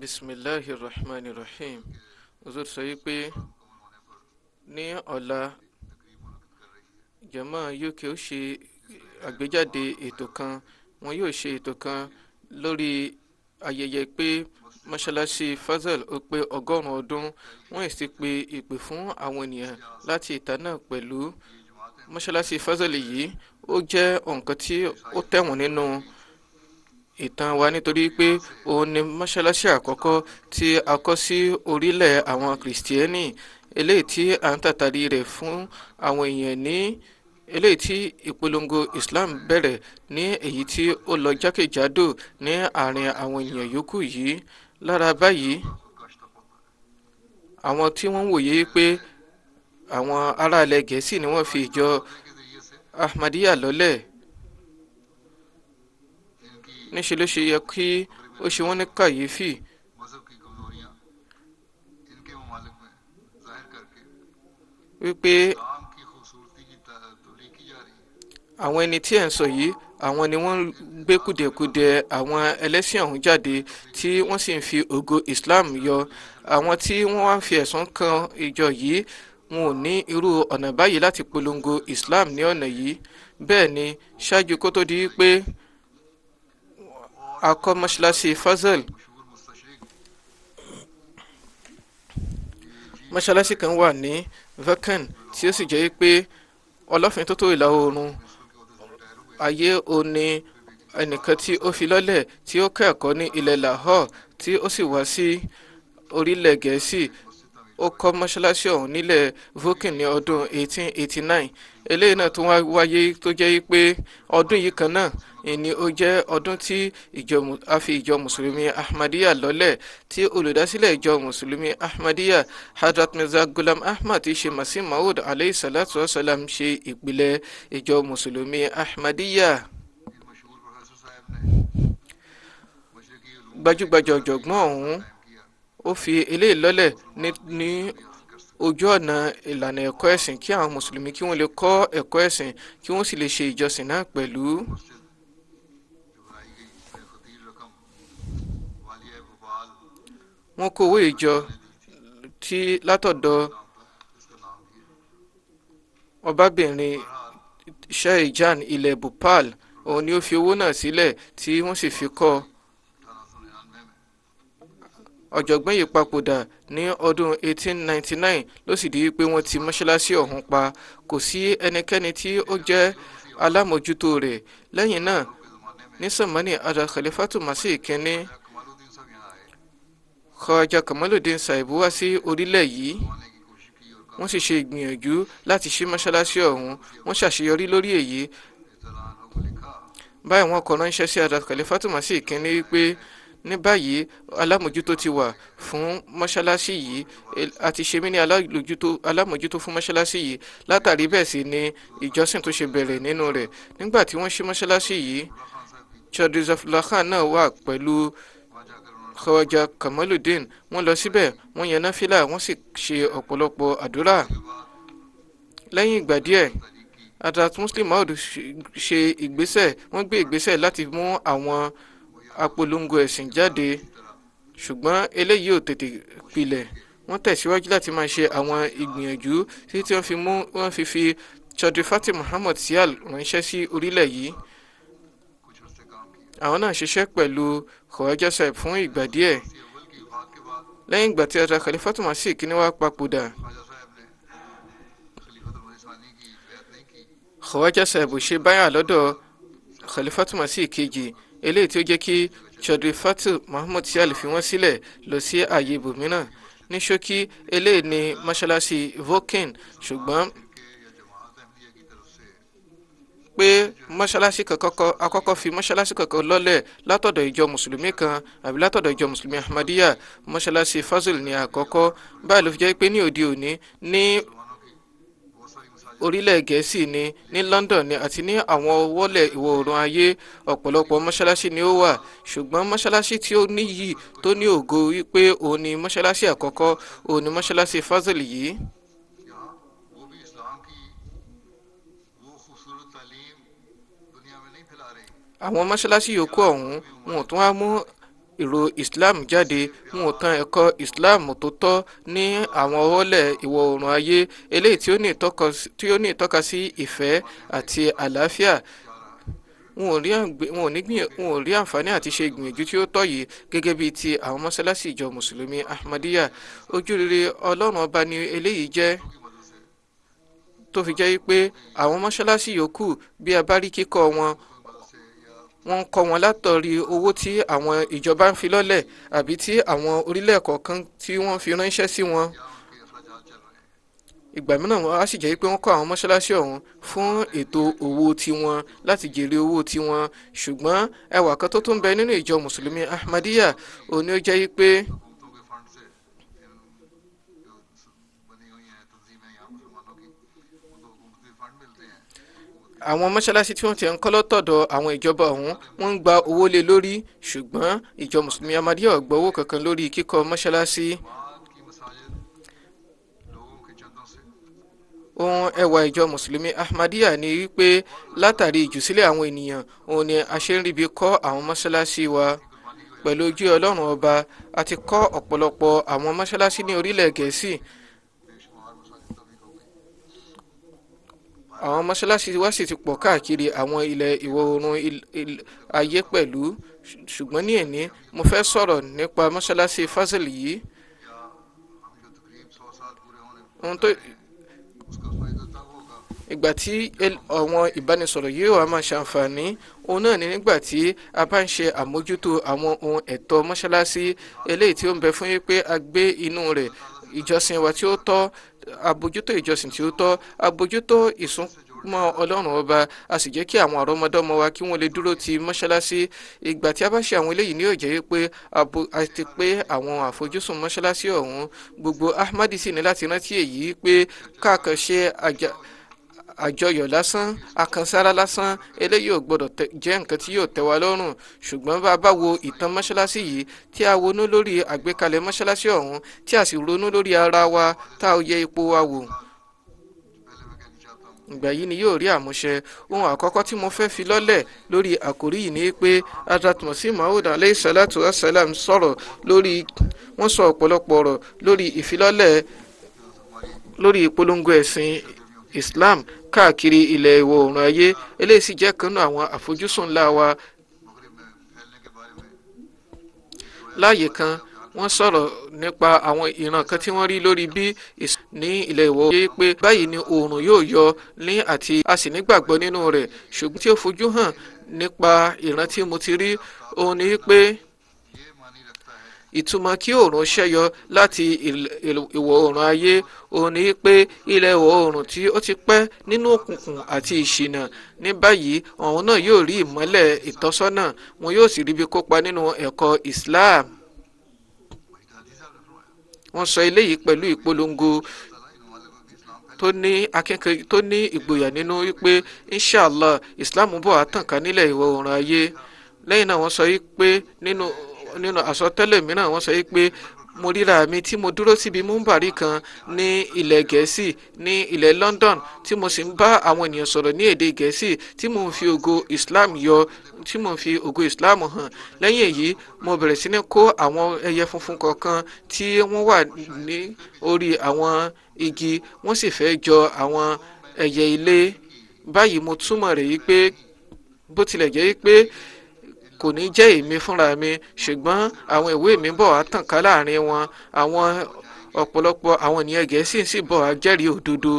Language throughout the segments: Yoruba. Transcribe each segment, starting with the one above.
bisimilahi rahman rahim huzur sọ wípé ní ọ̀la jama uk ó ṣe àgbéjáde ètò kan wọn yóò ṣe ètò kan lórí ayẹyẹ pé mọ́ṣáláṣí Fazal ó pé ọgọ́rùn-ún ọdún wọ́n sì pe ìpè fún àwọn ènìyàn láti ìta náà pẹ̀lú mọ́ṣáláṣí Fazal yìí ó jẹ́ nǹkan tí ó tẹ̀wọ̀n nínú. No ìtàn wa nítorí pé òun ni mọ́ṣáláṣí àkọ́kọ́ tí a kọ́ sí orílẹ̀ àwọn kìrìsìtíẹ́nì eléyìí tí à ń tàtàrí rẹ̀ fún àwọn èèyàn ní eléyìí tí ìpolongo Islam bẹ̀rẹ̀ ní èyí tí ó lọ jákèjádò ní àárín àwọn èèyàn yòókù yìí lára báyìí àwọn tí wọ́n ń wòye pé àwọn aráàlẹ̀ gẹ̀ẹ́sì ni wọ́n fi ìjọ Ahmadiyya lọ́lẹ̀ níṣẹ́ ló ṣe yẹ kí ó ṣe wọ́n ní kàyéfì wípé àwọn ẹni tí ẹ̀ ń sọ yìí àwọn ni wọ́n ń gbé kùdẹ̀kùdẹ̀ àwọn ẹlẹ́sìn ọ̀hún jáde tí wọ́n sì ń fi ògo Islam yọ àwọn tí wọ́n wá ń fi ẹ̀sùn kan ìjọ yìí wọn ò ní irú ọ̀nà báyìí láti polongo Islam ní ọ̀nà yìí bẹ́ẹ̀ ni ṣáájú kó tó di pé a kọ́ mọ́ṣáláṣí Fazal mọ́ṣáláṣí kan wà ní Vakan tí ó sì jẹ́ pé ọlọ́fin tó tó ìlà oòrùn ayé òní ẹnìkan tí ó fi lọ́lẹ̀ tí ó kẹ́kọ̀ọ́ ní ilẹ̀ Lahore tí ó sì wá sí orílẹ̀ Gẹ̀ẹ́sì ó kọ́ mọ́ṣáláṣí ọ̀hún nílẹ̀ Vokin ní ọdún 1889 eléyìí náà tó wáyé tó jẹ́ pé ọdún yìí kan náà ni ó jẹ́ ọdún tí a fi ìjọ mùsùlùmí Ahmadiyya lọ́lẹ̀ tí olùdásílẹ̀ ìjọ mùsùlùmí Ahmadiyya Hadrat Mirza Ghulam Ahmad ti ṣe Masih Maud alayhi salatu wa salam ṣe ìpìlẹ̀ ìjọ mùsùlùmí Ahmadiyya. gbajúgbajà ọ̀jọ̀gbọ́n ọ̀hún ó fi eléyìí lọ́lẹ̀ ní ojú ọ̀nà ìlànà ẹ̀kọ́ ẹ̀sìn kí àwọn mùsùlùmí kí wọ́n lè kọ́ ẹ̀kọ́ ẹ̀sìn kí wọ́n sì lè ṣe ìjọsìn náà pẹ̀lú. wọ́n kó owó ìjọ tí látọ̀dọ̀ ọbabìnrin Shaijan ilẹ̀ Bhopal òun ni ó fi owó náà sílẹ̀ tí wọ́n sì fi kọ́ ọ ọ̀jọ̀gbọ́n yìí papòdà ní ọdún 1899 ló sì di pé wọ́n ti mọ́ṣáláṣí ọ̀hún pa kò sí ẹnikẹ́ni tí ó jẹ́ alámòjútó rẹ̀ lẹ́yìn náà ní ada khalifatu masi kínní Khawaja Kamaluddin Saibu wá sí orílẹ̀ yìí wọ́n sì ṣe ìgbìyànjú láti ṣí mọ́ṣáláṣí ọ̀hún wọ́n ṣàṣeyọrí lórí èyí báyìí wọ́n kọ ránṣẹ́ sí ada khalifatu masi kínní wípé ní báyìí alámòjútó ti wà fún mọ́ṣáláṣí yìí a ti ṣe mí ní alámòjútó fún mọ́ṣáláṣí yìí látàrí bẹ́ẹ̀ sì ni ìjọsìn tó ṣe bẹ̀rẹ̀ nínú rẹ̀ nígbà tí wọ́n ṣe mọ́ṣáláṣí yìí Chadrizafullah Khan náà wà pẹ̀lú Khawaja kamaludin wọ́n lọ síbẹ̀ wọ́n yan náfìlà wọ́n sì ṣe ọ̀pọ̀lọpọ̀ àdúrà lẹ́yìn ìgbà díẹ̀ Hadrat Muslim Maud ṣe ìgbésẹ̀ wọ́n gbé ìgbésẹ̀ láti mú àwọn apolongo ẹ̀sìn jáde ṣùgbọ́n eléyìí ò tètè pilẹ̀ wọ́n tẹ̀síwájú láti máa ṣe àwọn ìgbìyànjú títí tí wọ́n fi mú wọ́n fi fi Chaudhry Fatih Mohammad Sial ránṣẹ́ sí orílẹ̀ yìí àwọn náà ṣiṣẹ́ pẹ̀lú Khawaja Saib fún ìgbà díẹ̀ lẹ́yìn ìgbà tí Hazrat Khalifatul Masih kíní wá papòdà Khawaja Saib ṣe báyà lọ́dọ̀ Khalifatul Masih kejì eléyìí tí ó jẹ́ kí Chaudhry Fatou Mahmood Sale fi wọ́n sílẹ̀ lọ sí ààyè ibòmíràn ní ṣókí eléyìí ní mọ́ṣáláṣí vokin ṣùgbọ́n pé mọ́ṣáláṣí kankan kọ́ àkọ́kọ́ fi mọ́ṣáláṣí kankan lọ́lẹ̀ látọ̀dọ̀ ìjọ mùsùlùmí kan àbí látọ̀dọ̀ ìjọ mùsùlùmí ahmadiyya mọ́ṣáláṣí fazil ní àkọ́kọ́ báyìí ló fi jẹ́ pé ní òde òní ní orílẹ̀ gẹ̀ẹ́sì ni ní London ni àti ní àwọn wọ́lẹ̀ ìwọ̀ oòrùn ayé ọ̀pọ̀lọpọ̀ mọ́ṣáláṣí ni ó wà ṣùgbọ́n mọ́ṣáláṣí tí ó níyì tó ní ògo wípé òun ni mọ́ṣáláṣí àkọ́kọ́ òun ni mọ́ṣáláṣí Fazil yìí. àwọn mọ́ṣáláṣí yòókù ọ̀hún wọn ò tún á mú ìró Islam jáde mú òkan ẹ̀kọ́ Islam tó tọ́ ní àwọn ọwọ́lẹ̀ ìwọ̀ oòrùn ayé eléyìí tí ó ní ìtọ́ka sí ìfẹ́ àti àlàáfíà wọn ò rí àǹfààní àti ṣe ìgbìyànjú tí ó tọ́ yìí gẹ́gẹ́ bíi ti àwọn mọ́sálásí ìjọ mùsùlùmí Ahmadiyya ojúrere ọlọ́run ọba ni eléyìí jẹ́ tó fi jẹ́ pé àwọn mọ́sálásí yòókù bí a kíkọ́ wọn wọ́n ń kọ́ wọn látọ̀rí owó tí àwọn ìjọba ń fi lọ́lẹ̀ àbí tí àwọn orílẹ̀ kọ̀ọ̀kan tí wọ́n fi ránṣẹ́ sí wọn ìgbà mìíràn wọn á sì jẹ́ pé wọ́n kọ́ àwọn mọ́ṣáláṣí ọ̀hún fún ètò owó tiwọn láti jèrè owó tiwọn ṣùgbọ́n ẹwà kan tó tún bẹ nínú ìjọ mùsùlùmí Ahmadiyya òun ó jẹ́ pé àwọn mọ́ṣáláṣí tí wọ́n ti ń kọ́ lọ́tọ̀dọ̀ àwọn ìjọba ọ̀hún wọ́n ń gba owó lé lórí ṣùgbọ́n ìjọ mùsùlùmí amadíyà ò gbowó kankan lórí kíkọ́ mọ́ṣáláṣí. ohun ẹwà ìjọ mùsùlùmí ahmadiyya ni wípé látàrí ìjùsílẹ̀ àwọn ènìyàn òun ni a ṣe ń ríbi kọ́ àwọn mọ́ṣáláṣí wa pẹ̀lú ojú ọlọ́run ọba a ti kọ́ ọ̀pọ̀lọpọ̀ àwọn mọ́ṣáláṣí ní orílẹ̀ gẹ̀ẹ́sì àwọn mọ́ṣáláṣí wa sì ti pọ̀ káàkiri àwọn ilẹ̀ ìwọ̀ oòrùn ayé pẹ̀lú ṣùgbọ́n ní ẹ̀ní mo fẹ́ sọ̀rọ̀ nípa mọ́ṣáláṣí Fazil yìí ohun tó ìgbà tí àwọn ìbánisọ̀rọ̀ yìí wà máa ṣàǹfààní òun náà ni nígbà tí a bá ń ṣe àmójútó àwọn ohun ẹ̀tọ́ mọ́ṣáláṣí eléyìí tí ó ń bẹ fún yín pé a gbé inú rẹ̀ ìjọsìn wa tí ó tọ́ àbójútó ìjọsìn tí ó tọ́ àbójútó ìsúnmọ́ ọlọ́run ọba a sì jẹ́ kí àwọn àrọ́mọdọ́mọ wa kí wọ́n lè dúró ti mọ́ṣáláṣí ìgbà tí a bá ṣe àwọn eléyìí ní òjẹ́ pé àti pé àwọn àfojúsùn mọ́ṣáláṣí ọ̀hún gbogbo Ahmadi sì ní láti rántí èyí pé káàkàn ṣe àjà àjọyọ̀ lásán àkànsára lásán eléyìí ò gbọ́dọ̀ jẹ́ nǹkan tí yóò tẹ́ wa lọ́rùn ṣùgbọ́n bá a bá wo ìtàn mọ́ṣáláṣí yìí tí a wonú lórí àgbékalẹ̀ mọ́ṣáláṣí ọ̀hún tí a sì ronú lórí ara wa tá a yẹ ipò wa wò ìgbà yìí ni yóò rí àmúṣe ohun àkọ́kọ́ tí mo fẹ́ fi lọ́lẹ̀ lórí àkórí yìí ni pé Hazrat Masih Maud alayhi salatu wassalam sọ̀rọ̀ lórí wọ́n sọ ọ̀pọ̀lọpọ̀ ọ̀rọ̀ lórí ìfilọ́lẹ̀ lórí ìpolongo ẹ̀sìn Islam káàkiri ilẹ̀ ìwọ̀ oòrùn ayé eléyìí sì jẹ́ kan náà àwọn àfojúsùn ńlá wa láàyè kan wọ́n sọ̀rọ̀ nípa àwọn ìran kan tí wọ́n rí lórí bí ní ilẹ̀ ìwọ̀ oòrùn pé báyìí ni oòrùn yóò yọ ní àti a sì nígbàgbọ́ nínú rẹ̀ ṣùgbọ́n tí ó fojú hàn nípa ìran tí mo ti rí òun ni pé ìtumọ̀ kí oòrùn ṣẹ́yọ láti ìwọ̀ oòrùn ayé òun ni pé ilẹ̀ ìwọ̀ oòrùn tí ó ti pẹ́ nínú òkùnkùn àti ìṣìnà ní báyìí ọ̀hún náà yóò rí ìmọ́lẹ̀ ìtọ́sọ́nà wọn yóò sì ríbi kópa nínú ẹ̀kọ́ Islam wọ́n sọ eléyìí pẹ̀lú ìpolongo tó ní akẹ́kọ̀ọ́ tó ní ìgboyà nínú wípé inshallah Islam bọ̀ á tàn ká nílẹ̀ ìwọ̀ oòrùn ayé lẹ́yìn náà wọ́n sọ wípé nínú nínú àsọtẹ́lẹ̀ mìíràn wọ́n sọ pé mo ríra mi tí mo dúró síbi múmbàrí kan ní ilẹ̀ gẹ̀ẹ́sì ní ilẹ̀ London tí mo sì ń bá àwọn ènìyàn sọ̀rọ̀ ní èdè gẹ̀ẹ́sì tí mo ń fi ògo Islam yọ tí mo ń fi ògo Islam hàn lẹ́yìn èyí mo bẹ̀rẹ̀ sí ní kó àwọn ẹyẹ funfun kọ̀ọ̀kan tí wọ́n wà ní orí àwọn igi wọ́n sì fẹ́ jọ àwọn ẹyẹ ilé báyìí mo túmọ̀ rẹ̀ yí pé bó tilẹ̀ jẹ́ yí pé kò ní jẹ́ èmi fúnra mi ṣùgbọ́n àwọn ìwé mi bọ̀ wá tàn ká láàrin wọn àwọn ọ̀pọ̀lọpọ̀ àwọn ènìyàn gẹ̀ẹ́sì sì bọ̀ wá jẹ́rìí òdodo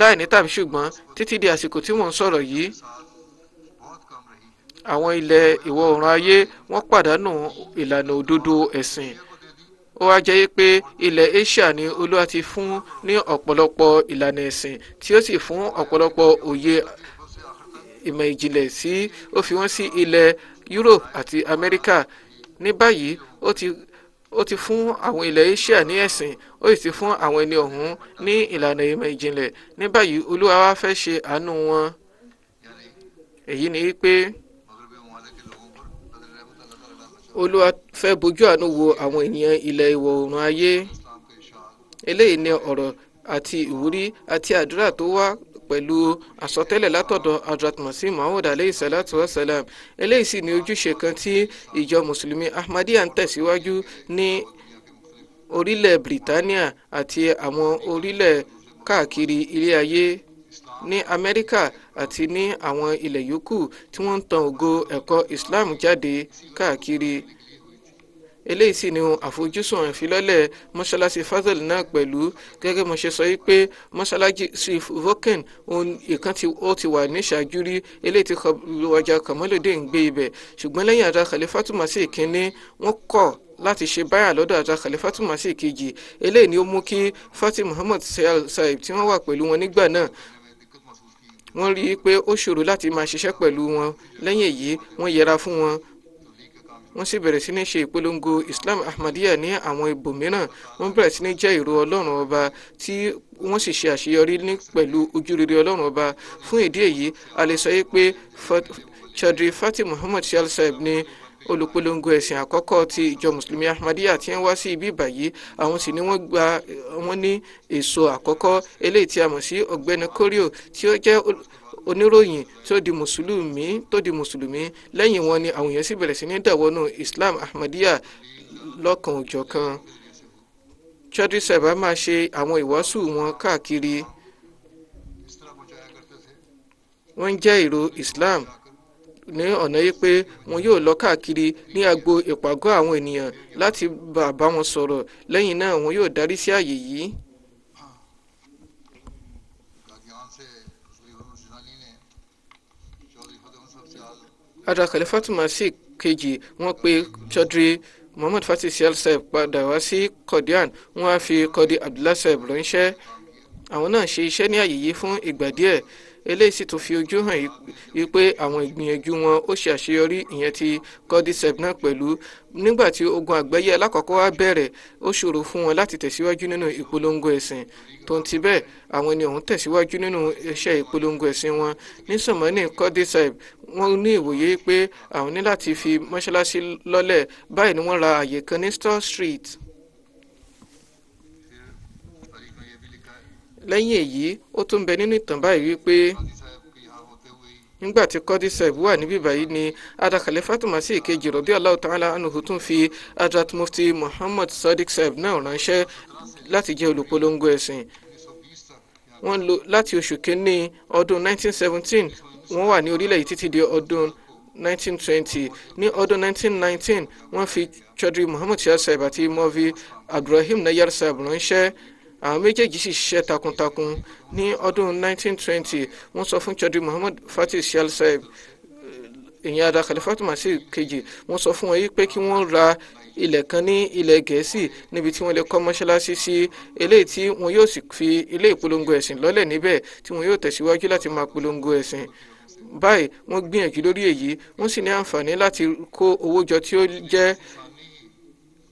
láì ní tàbí ṣùgbọ́n títí di àsìkò tí mò ń sọ̀rọ̀ yìí àwọn ilẹ̀ ìwọ̀ oòrùn ayé wọ́n pàdánù ìlànà òdodo ẹ̀sìn ó wá jẹ́ pé ilẹ̀ Asia ni Olúwa ti fún ní ọ̀pọ̀lọpọ̀ ìlànà ẹ̀sìn tí ó sì fún ọ̀pọ̀lọpọ̀ òye ìmọ̀ ìjìnlẹ̀ sí ó fi wọ́n sí ilẹ̀ Europe àti America ní báyìí ó ti ó ti fún àwọn ilẹ̀ Asia ní ẹ̀sìn ó sì ti fún àwọn ẹni ọ̀hún ní ìlànà ìmọ̀ ìjìnlẹ̀ ní báyìí Olúwa wa fẹ́ ṣe àánú wọn èyí ni pé Olúwa fẹ́ bojú àánú wo àwọn ènìyàn ilẹ̀ ìwọ̀ oòrùn ayé eléyìí ni ọ̀rọ̀ àti ìwúrí àti àdúrà tó wá pẹ̀lú àsọtẹ́lẹ̀ látọ̀dọ̀ Hazrat Masih aleyhi salatu wa salam eléyìí sì ni ojúṣe kan tí ìjọ mùsùlùmí Ahmadiyya ń tẹ̀síwájú ní orílẹ̀ Britania àti àwọn orílẹ̀ káàkiri ilé ayé ní Amẹ́ríkà àti ní àwọn ilẹ̀ yòókù tí wọ́n ń tan ògo ẹ̀kọ́ Islam jáde káàkiri eléyìí sì ni àfojúsùn ìfilọ́lẹ̀ mọ́ṣáláṣí fazal náà pẹ̀lú gẹ́gẹ́ mo ṣe sọ yìí pé mọ́ṣáláṣí voken ìkan ó ti wà ní ṣáájú rí eléyìí tí ọjà kàmọ́lódé ń gbé ibẹ̀ ṣùgbọ́n lẹ́yìn àdá Khalifatu Masih kínní wọ́n kọ̀ láti ṣe báyà lọ́dọ̀ àjà Khalifatu Masih eléyìí ni ó mú kí Fatim Muhammad Saib tí wọ́n wà pẹ̀lú wọn nígbà náà wọ́n rí i pé ó ṣòro láti máa ṣiṣẹ́ pẹ̀lú wọn lẹ́yìn èyí wọ́n yẹra fún wọn wọ́n sì bẹ̀rẹ̀ sí ní ṣe ìpolongo Islam Ahmadiyya ní àwọn ibòmíràn wọ́n bẹ̀rẹ̀ sí ní jẹ́ ìró Ọlọ́run ọba tí wọ́n sì ṣe àṣeyọrí ní pẹ̀lú ojúrere Ọlọ́run ọba fún ìdí èyí a lè sọ pé Chaudhry Fatih Muhammad Sahel Saheb olùpolongo ẹ̀sìn àkọ́kọ́ ti ìjọ mùsùlùmí ahmadiyya tí ń wá sí ibi ìbàyí àwọn sì ni wọ́n gba wọ́n ní èso àkọ́kọ́ eléyìí tí a mọ̀ sí ọ̀gbẹ́ni kórìó tí ó jẹ́ oníròyìn tó di mùsùlùmí tó di mùsùlùmí lẹ́yìn wọn ni àwọn èèyàn sì bẹ̀rẹ̀ sí ní dàwọnú Islam Ahmadiyya lọ́kan òjọ̀kan Chaudhry Sahib máa ṣe àwọn ìwàásù wọn káàkiri wọ́n jẹ́ ìró Islam ní ọ̀nà yìí pé wọn yóò lọ káàkiri ní agbo ìpàgọ́ àwọn ènìyàn láti bá wọn sọ̀rọ̀ lẹ́yìn náà wọn yóò darí sí àyè yìí. ara Khalifatul Masih kejì wọ́n pe Chaudhry Muhammad Fatih Sial Saib padà wá sí Qadian wọ́n á fi Qadi Abdullah Saib ránṣẹ́ àwọn náà ṣe iṣẹ́ ní àyè fún ìgbà díẹ̀ eléyìí sì tún fi ojú hàn yí pé àwọn ìgbìyànjú wọn ó ṣe àṣeyọrí ìyẹn ti codicep náà pẹ̀lú nígbà tí ogun àgbáyé alákọ̀ọ́kọ́ wá bẹ̀rẹ̀ ó ṣòro fún wọn láti tẹ̀síwájú nínú ìpolongo ẹ̀sìn tó ń ti bẹ́ẹ̀ àwọn ni òun tẹ̀síwájú nínú iṣẹ́ ìpolongo ẹ̀sìn wọn ní sọ̀mọ́nì codicep ní ìwòye pé àwọn ní láti fi mọ́ṣáláṣí lọ́lẹ̀ báyìí ni wọ́n ra àyè kan ní store street lẹ́yìn èyí ó tún bẹ nínú ìtàn báyìí wípé nígbà tí Qadiseb wà níbí báyìí ni Ada Khalifatu Masih ìkejì radiyallahu ta'ala anhu tún fi Hadrat Mufti Muhammad Sadiq Saib náà ránṣẹ́ láti jẹ́ olùpolongo ẹ̀sìn wọ́n lò láti oṣù kínní ọdún 1917 wọ́n wà ní orílẹ̀ yìí títí di ọdún 1920 ní ọdún 1919 wọ́n fi Chaudhry Muhammad Shah Saib àti Mufti Abdurrahim Nayar Saib ránṣẹ́ àwọn méjèèjì sì ṣiṣẹ́ takuntakun ní ọdún 1920 wọ́n sọ fún Chaudhry Muhammad Fatih Sial Saib ìyẹn ada Khalifatul Masih kejì wọ́n sọ fún wọn yìí pé kí wọ́n ra ilẹ̀ kan ní ilẹ̀ gẹ̀ẹ́sì níbi tí wọ́n lè kọ́ mọ́ṣáláṣí sí eléyìí tí wọn yóò sì fi ilé ìpolongo ẹ̀sìn lọ́lẹ̀ níbẹ̀ tí wọn yóò tẹ̀síwájú láti máa polongo ẹ̀sìn báyìí wọ́n gbìyànjú lórí èyí wọ́n sì ní àǹfààní láti kó owó jọ tí ó jẹ́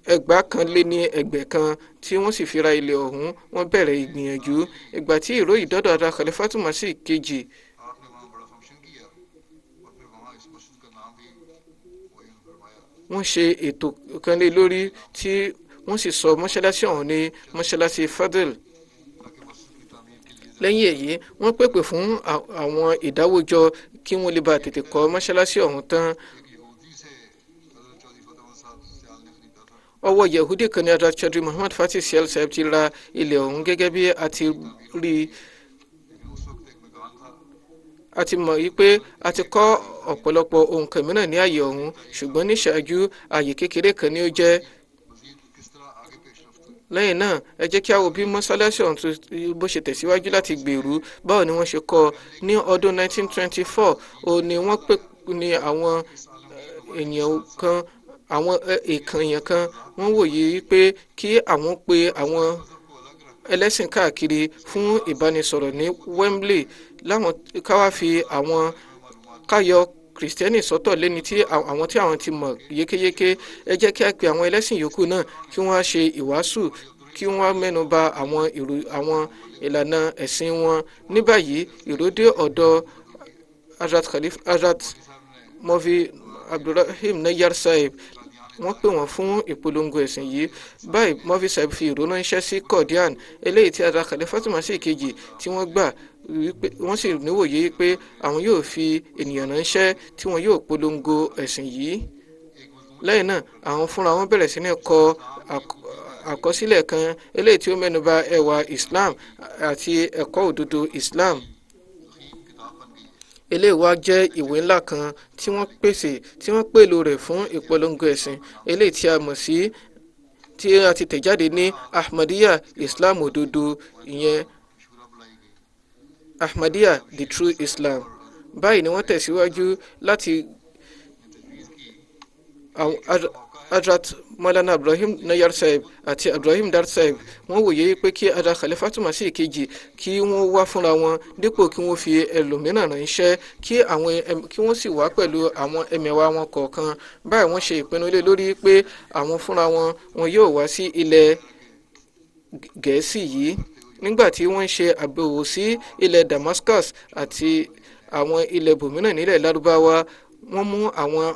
ẹgbàá kan lé ní ẹgbẹ́ kan tí wọ́n sì fi ra ilẹ̀ ọ̀hún wọ́n bẹ̀rẹ̀ ìgbìyànjú ìgbà tí ìró ìdọ́dọ̀ ara Khalifatu Masih kejì wọ́n ṣe ètò kan lé lórí tí wọ́n sì sọ mọ́ṣáláṣí ọ̀hún ní mọ́ṣáláṣí Fadel lẹ́yìn èyí wọ́n pèpè fún àwọn ìdáwójọ kí wọ́n lè bá tètè kọ́ mọ́ṣáláṣí ọ̀hún tán ọwọ́ yehudi kan ní adar chaudhry muhammad Fati siel saib ti ra ilẹ̀ ọ̀hún gẹ́gẹ́ bí a ti rí i a mọ̀ yí pé a ti kọ́ ọ̀pọ̀lọpọ̀ ohun kan mìíràn ní ààyè ọ̀hún ṣùgbọ́n ní ṣáájú ààyè kékeré kan ni ó jẹ́ lẹ́yìn náà ẹ jẹ́ kí a wo bí mọ́ṣáláṣí ọ̀hún tó bó ṣe tẹ̀síwájú láti gbèrú báwo ni wọ́n ṣe kọ́ ní ọdún 1924 ó wọ́n pè ní àwọn ènìyàn kan àwọn èèyàn kan wọ́n wòye pé kí àwọn pe àwọn ẹlẹ́sìn káàkiri fún ìbánisọ̀rọ̀ ní Wembley láwọn káwá fi àwọn káyọ kìrìsìtẹ́nì sọ́tọ̀ lẹ́ni tí àwọn tí àwọn ti mọ̀ yékéyéké ẹ jẹ́ kí a pe àwọn ẹlẹ́sìn yòókù náà kí wọ́n á ṣe ìwàásù kí wọ́n mẹ́nu bà àwọn ìlànà ẹ̀sìn wọn ní báyìí ìròdé ọ̀dọ̀ Hazrat Khalif Hazrat Mufti Abdulrahim Nayar Saib wọ́n pè wọ́n fún ìpolongo ẹ̀sìn yìí báyìí Murphy Saib fi ìró ránṣẹ́ sí Qadian eléyìí tí ara kàlẹ́ Fatima sí ìkejì tí wọ́n gbà wọ́n sì níwòye pé àwọn yóò fi ènìyàn ránṣẹ́ tí wọ́n yóò polongo ẹ̀sìn yìí lẹ́yìn náà àwọn fúnra wọn bẹ̀rẹ̀ sí ní kọ àkọsílẹ̀ kan eléyìí tí ó mẹ́nuba ẹwà Islam àti ẹ̀kọ́ òdodo Islam eléyìí wá jẹ́ ìwé ńlá kan tí wọ́n pèsè tí wọ́n pèlò rẹ̀ fún ìpolongo ẹ̀sìn eléyìí tí a mọ̀ sí tí a ti tẹ̀ jáde ní ahmadiyya islam òdodo ìyẹn ahmadiyya the true islam báyìí ni wọ́n tẹ̀síwájú láti àwọn adrat malana ibrahim nayar sahib àti ibrahim dar sahib wọ́n wòye pé kí adrat khalifatu masih kejì kí wọ́n wá fúnra wọn dípò kí wọ́n fi ẹlòmíràn ránṣẹ́ kí àwọn kí wọ́n sì wá pẹ̀lú àwọn ẹmẹ̀wà wọn kọ̀ọ̀kan báyìí wọ́n ṣe ìpinnu lé lórí pé àwọn fúnra wọn wọn yóò wá sí ilẹ̀ gẹ̀ẹ́sì yìí nígbà tí wọ́n ń ṣe àbẹ̀wò sí ilẹ̀ damascus àti àwọn ilẹ̀ bòmíràn nílẹ̀ lárúbáwá wọ́n mú àwọn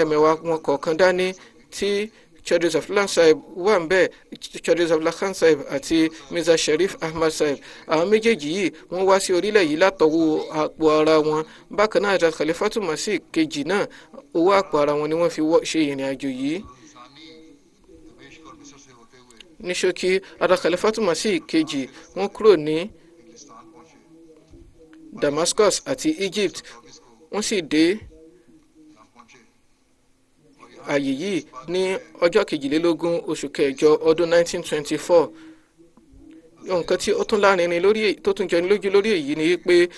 ẹmẹ̀wà wọn kọ̀ọ̀kan dání tí Chadris of Lan Sahib wà ń bẹ́ẹ̀ Chadris of Lakhan Sahib àti Mirza Sharif Ahmad Sahib àwọn méjèèjì yìí wọ́n wá sí orílẹ̀ yìí látọwọ́ àpò ara wọn bákan náà àti Khalifatu Masih kejì náà owó àpò ara wọn ni wọ́n fi ṣe ìrìn àjò yìí ní ṣókí ara Khalifatu Masih kejì wọ́n kúrò ní Damascus àti Egypt wọ́n sì dé ààyè yìí ní ọjọ́ kejìlélógún oṣù kẹjọ ọdún 1924 nǹkan tí ó tún lárinrin lórí tó tún jọni lójú lórí èyí ni pé eh,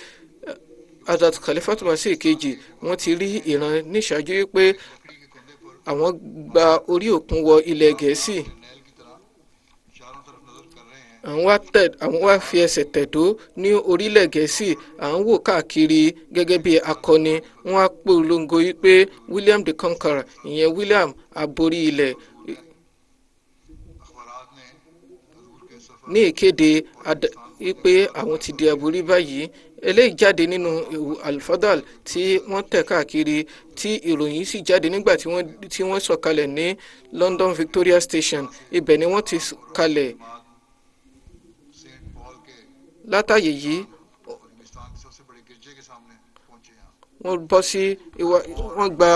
Hazrat Khalifatul Masih kejì wọ́n ti rí ìran níṣáájú pé àwọn gba orí òkun wọ ilẹ̀ Gẹ̀ẹ́sì àwọn wá fi ẹsẹ̀ tẹ̀dó ní orílẹ̀ gẹ̀ẹ́sì à ń wò káàkiri gẹ́gẹ́ bí akọni wọ́n á polongo wípé William the Conqueror ìyẹn William aborí ilẹ̀ ní ìkéde wípé àwọn ti di aborí báyìí eléyìí jáde nínú ewu alfadal tí wọ́n tẹ̀ káàkiri tí ìròyìn sì jáde nígbà tí wọ́n sọ̀kalẹ̀ ní London Victoria Station ibẹ̀ ni wọ́n ti kalẹ̀ látàyè yìí wọ́n bọ́ sí ìwà wọ́n gba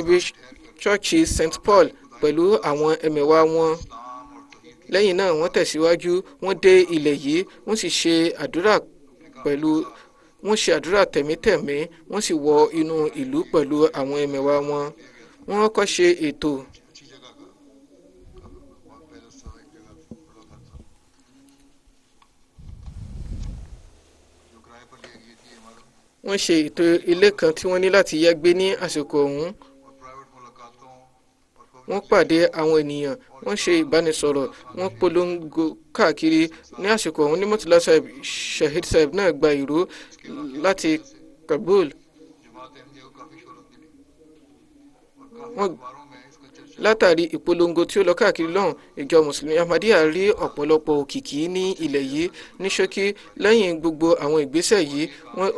ibi ṣọ́ọ̀ṣì St Paul pẹ̀lú àwọn ẹ̀mẹ̀wà wọn lẹ́yìn náà wọ́n tẹ̀síwájú wọ́n dé ilẹ̀ yìí wọ́n sì ṣe àdúrà pẹ̀lú wọ́n ṣe àdúrà tẹ̀mítẹ̀mí wọ́n sì wọ inú ìlú pẹ̀lú àwọn ẹ̀mẹ̀wà wọn wọ́n kọ́ ṣe ètò wọ́n ṣe ètò ilé kan tí wọ́n ní láti yá gbé ní àsìkò ọ̀hún wọ́n pàdé àwọn ènìyàn wọ́n ṣe ìbánisọ̀rọ̀ wọ́n polongo káàkiri ní àsìkò ọ̀hún ní murtala sahib shahid sahib náà gba ìró láti kabul látàrí ìpolongo tí ó lọ káàkiri lọ́hùn ìjọ mùsùlùmí ahmadiyya rí ọ̀pọ̀lọpọ̀ òkìkí ní ilẹ̀ yìí ní ṣókí lẹ́yìn gbogbo àwọn ìgbésẹ̀ yìí wọ́n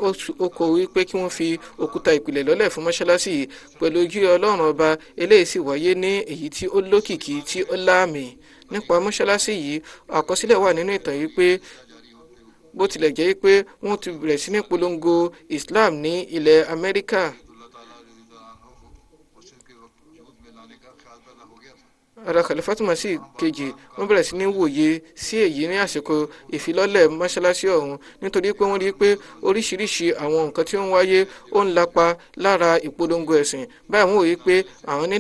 ó kọ wípé kí wọ́n fi òkúta ìpìlẹ̀ lọ́lẹ̀ fún mọ́ṣáláṣí yìí pẹ̀lú ojú ọlọ́run ọba eléyìí sì wáyé ní èyí tí ó lókìkí tí ó láàmì nípa mọ́ṣáláṣí yìí àkọsílẹ̀ wà nínú ìtàn yìí pé bó tilẹ̀ jẹ́ pé wọ́n ti bẹ̀rẹ̀ sí ní polongo Islam ní ilẹ̀ Amẹ́ríkà ara Khalifatu Masih kejì wọ́n bẹ̀rẹ̀ sí ní wòye sí èyí ní àsìkò ìfilọ́lẹ̀ mọ́ṣáláṣí ọ̀hún nítorí pé wọ́n rí i pé oríṣiríṣi àwọn nǹkan tí ó ń wáyé ó ń lapa lára ìpolongo ẹ̀sìn báyìí wọ́n wòye pé àwọn ní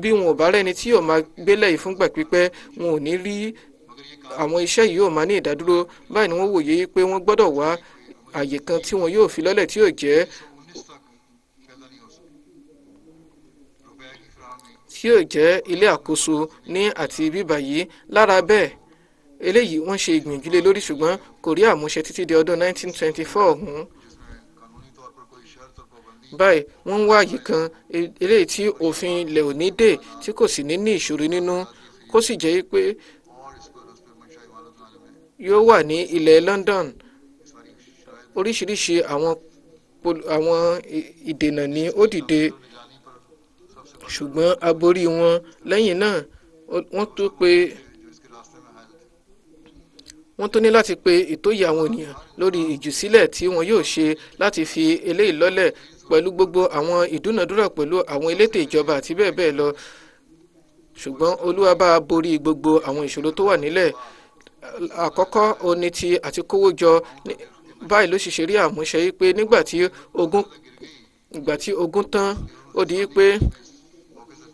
bí wọn ò bá rẹ́ni tí yóò máa gbélé yìí fúngbà pípẹ́ wọn ò ní rí àwọn iṣẹ́ yìí yóò máa ní ìdádúró báyìí ni wọ́n wòye pé wọ́n gbọ́dọ̀ wá àyè kan tí wọn yóò fi lọ́lẹ̀ tí yóò tí yóò jẹ́ ilé àkóso ní àti bíbà yìí lára bẹ́ẹ̀ eléyìí wọ́n ṣe ìgbìyànjú lé lórí ṣùgbọ́n kò rí àmúṣe títí di ọdún 1924 ọ̀hún báyìí wọ́n ń wá àyè kan eléyìí tí òfin ilẹ̀ òní dè tí kò sì ní ní ìṣòro nínú kó sì jẹ́ pé yóò wà ní ilẹ̀ London oríṣiríṣi àwọn ìdènà ni ó dìde ṣùgbọ́n a borí wọn lẹ́yìn náà wọ́n tó pé wọ́n tó ní láti pe ìtóyè àwọn ènìyàn lórí ìjùsílẹ̀ tí wọ́n yóò ṣe láti fi eléyìí lọ́lẹ̀ pẹ̀lú gbogbo àwọn ìdúnàdúrà pẹ̀lú àwọn elétò ìjọba àti bẹ́ẹ̀ bẹ́ẹ̀ lọ ṣùgbọ́n olúwa bá a borí gbogbo àwọn ìṣòro tó wà nílẹ̀ àkọ́kọ́ òní ti àti kówó jọ báyìí ló ṣiṣẹ́ rí àmúṣe yìí pé nígbà tí ogun ìgbà tí ogun tán ó di pé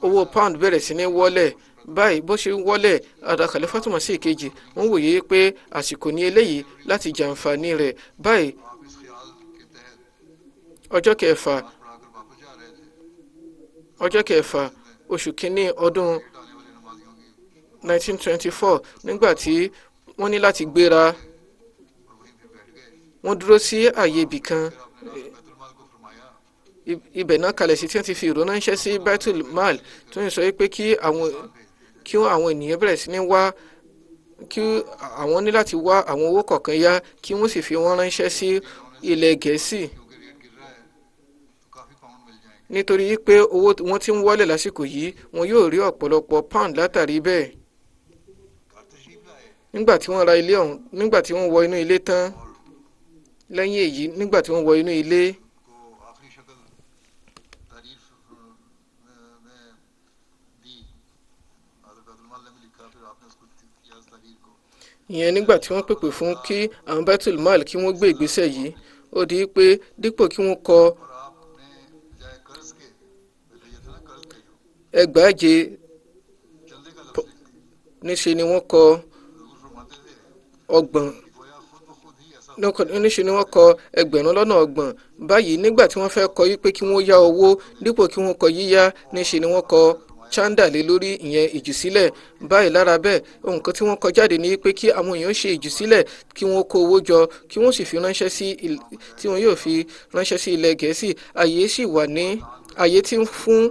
owó pound bẹ̀rẹ̀ sí ní wọ́lẹ̀ báyìí bó ṣe ń wọ́lẹ̀ àdàkàlẹ̀ Fatima sí ìkejì wọ́n wòye pé àsìkò ní eléyìí láti jàǹfààní rẹ̀ báyìí ọjọ́ kẹfà ọjọ́ kẹfà oṣù kínní ọdún 1924 nígbà tí wọ́n ní láti gbéra wọ́n dúró sí àyè ibì kan ibẹ̀ náà kalẹ̀ sí tí wọ́n ti fi ìró ránṣẹ́ sí baitul mal tó ń sọ pé kí àwọn kí àwọn ènìyàn bẹ̀rẹ̀ sí ní wá kí àwọn ní láti wá àwọn owó kọ̀ọ̀kan yá kí wọ́n sì fi wọ́n ránṣẹ́ sí ilẹ̀ gẹ̀ẹ́sì nítorí pé owó wọn ti ń wọlé lásìkò yìí wọn yóò rí ọ̀pọ̀lọpọ̀ pound látàrí bẹ́ẹ̀ nígbà tí wọ́n ra ilé ọ̀hún nígbà tí wọ́n wọ inú ilé tán lẹ́yìn èyí nígbà tí wọ́n wọ inú ilé. ìyẹn nígbà tí wọ́n pèpè fún kí àwọn Baitul Mal kí wọ́n gbé ìgbésẹ̀ yìí ó di pé dípò kí wọ́n kọ ẹgbàáje níṣe ni wọ́n kọ ọgbọ̀n níṣe ni wọ́n kọ ẹgbẹ̀rún lọ́nà ọgbọ̀n báyìí nígbà tí wọ́n fẹ́ kọ yí pé kí wọ́n yá owó dípò kí wọ́n kọ yíyá níṣe ni wọ́n kọ Chanda lé lórí ìyẹn ìjùsílẹ̀ báyìí lára bẹ́ẹ̀ nǹkan tí wọ́n kọ jáde ní pé kí àwọn èèyàn ṣe ìjùsílẹ̀ kí wọ́n kó owó jọ kí wọ́n sì fi ránṣẹ́ sí tí wọ́n yóò fi ránṣẹ́ sí ilẹ̀ gẹ̀ẹ́sì àyè sì wà ní àyè tí ń fún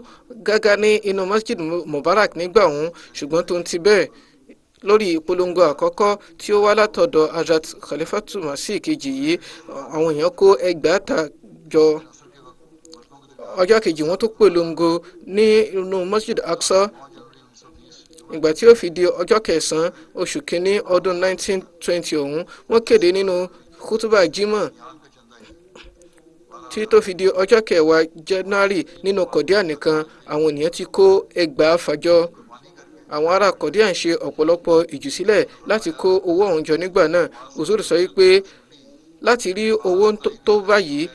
gágá ní inú masjid mubarak nígbà òun ṣùgbọ́n tó ń ti bẹ́ẹ̀ lórí ìpolongo àkọ́kọ́ tí ó wá látọ̀dọ̀ Hazrat Khalifatul Masih kejì yìí àwọn èèyàn kó ẹgbàáta jọ ọjọ́ kejì wọ́n tún polongo ní inú Masjid Aqsa ìgbà tí ó fi di ọjọ́ kẹsàn-án oṣù kínní ọdún 1920 ọ̀hún wọ́n kéde nínú kútúbà Jímọ̀ tí tó fi di ọjọ́ kẹwàá January nínú kọ̀díà nìkan àwọn ènìyàn ti kó ẹgbàá fàjọ àwọn ará kọ̀díà ń ṣe ọ̀pọ̀lọpọ̀ ìjùsílẹ̀ láti kó owó ọ̀hún jọ nígbà náà òṣòro sọ wípé láti rí owó tó báyìí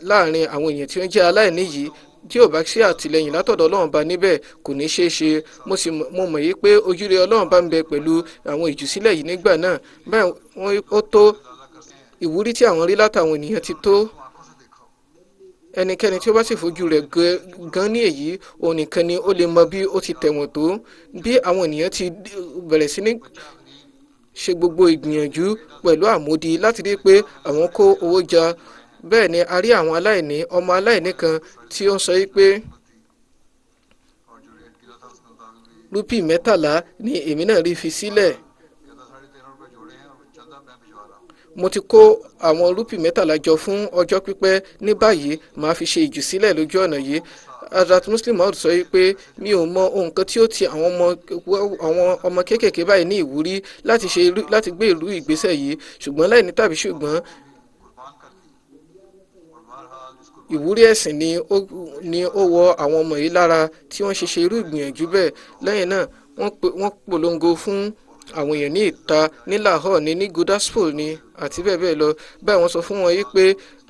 láàrin àwọn èèyàn tí ó ń jẹ́ aláìní yìí tí ò bá sí àtìlẹyìn látọ̀dọ̀ ọlọ́run bá níbẹ̀ kò ní ṣeé ṣe mo sì mo mọ̀ yí pé ojúre ọlọ́run bá ń bẹ pẹ̀lú àwọn ìjùsílẹ̀ yìí nígbà náà báyìí ó tó ìwúrí tí àwọn rí látàwọn ènìyàn ti tó ẹnikẹ́ni tí ó bá sì fojú rẹ̀ gan ní èyí òun nìkan ni ó lè mọ bí ó ti tẹ̀wọ̀n tó bí àwọn ènìyàn ti bẹ̀rẹ̀ sí ní ṣe gbogbo ìgbìyànjú pẹ̀lú àmúdi láti rí pé àwọn kó owó jọ bẹ́ẹ̀ ni a rí àwọn aláìní ọmọ aláìní kan tí ó ń sọ pé rúpì mẹ́tàlá ni èmi náà rí fi sílẹ̀ mo ti kó àwọn rúpì mẹ́tàlá jọ fún ọjọ́ pípẹ́ ní báyìí màá fi ṣe ìjùsílẹ̀ lójú ọ̀nà yìí Hazrat Muslim Maud sọ pé mi ò mọ nǹkan tí ó ti àwọn ọmọ kéékèèké báyìí ní ìwúrí láti gbé ìlú ìgbésẹ̀ yìí ṣùgbọ́n láì ní tàbí ṣùgbọ́n ìwúrí ẹ̀sìn ni ó wọ àwọn ọmọ yìí lára tí wọ́n ṣe ṣe irú ìgbìyànjú bẹ́ẹ̀ lẹ́yìn náà wọ́n polongo fún àwọn èèyàn ní ìta ní Lahore ní ní Gurdaspur ní àti bẹ́ẹ̀ bẹ́ẹ̀ lọ báyìí wọ́n sọ fún wọn yìí pé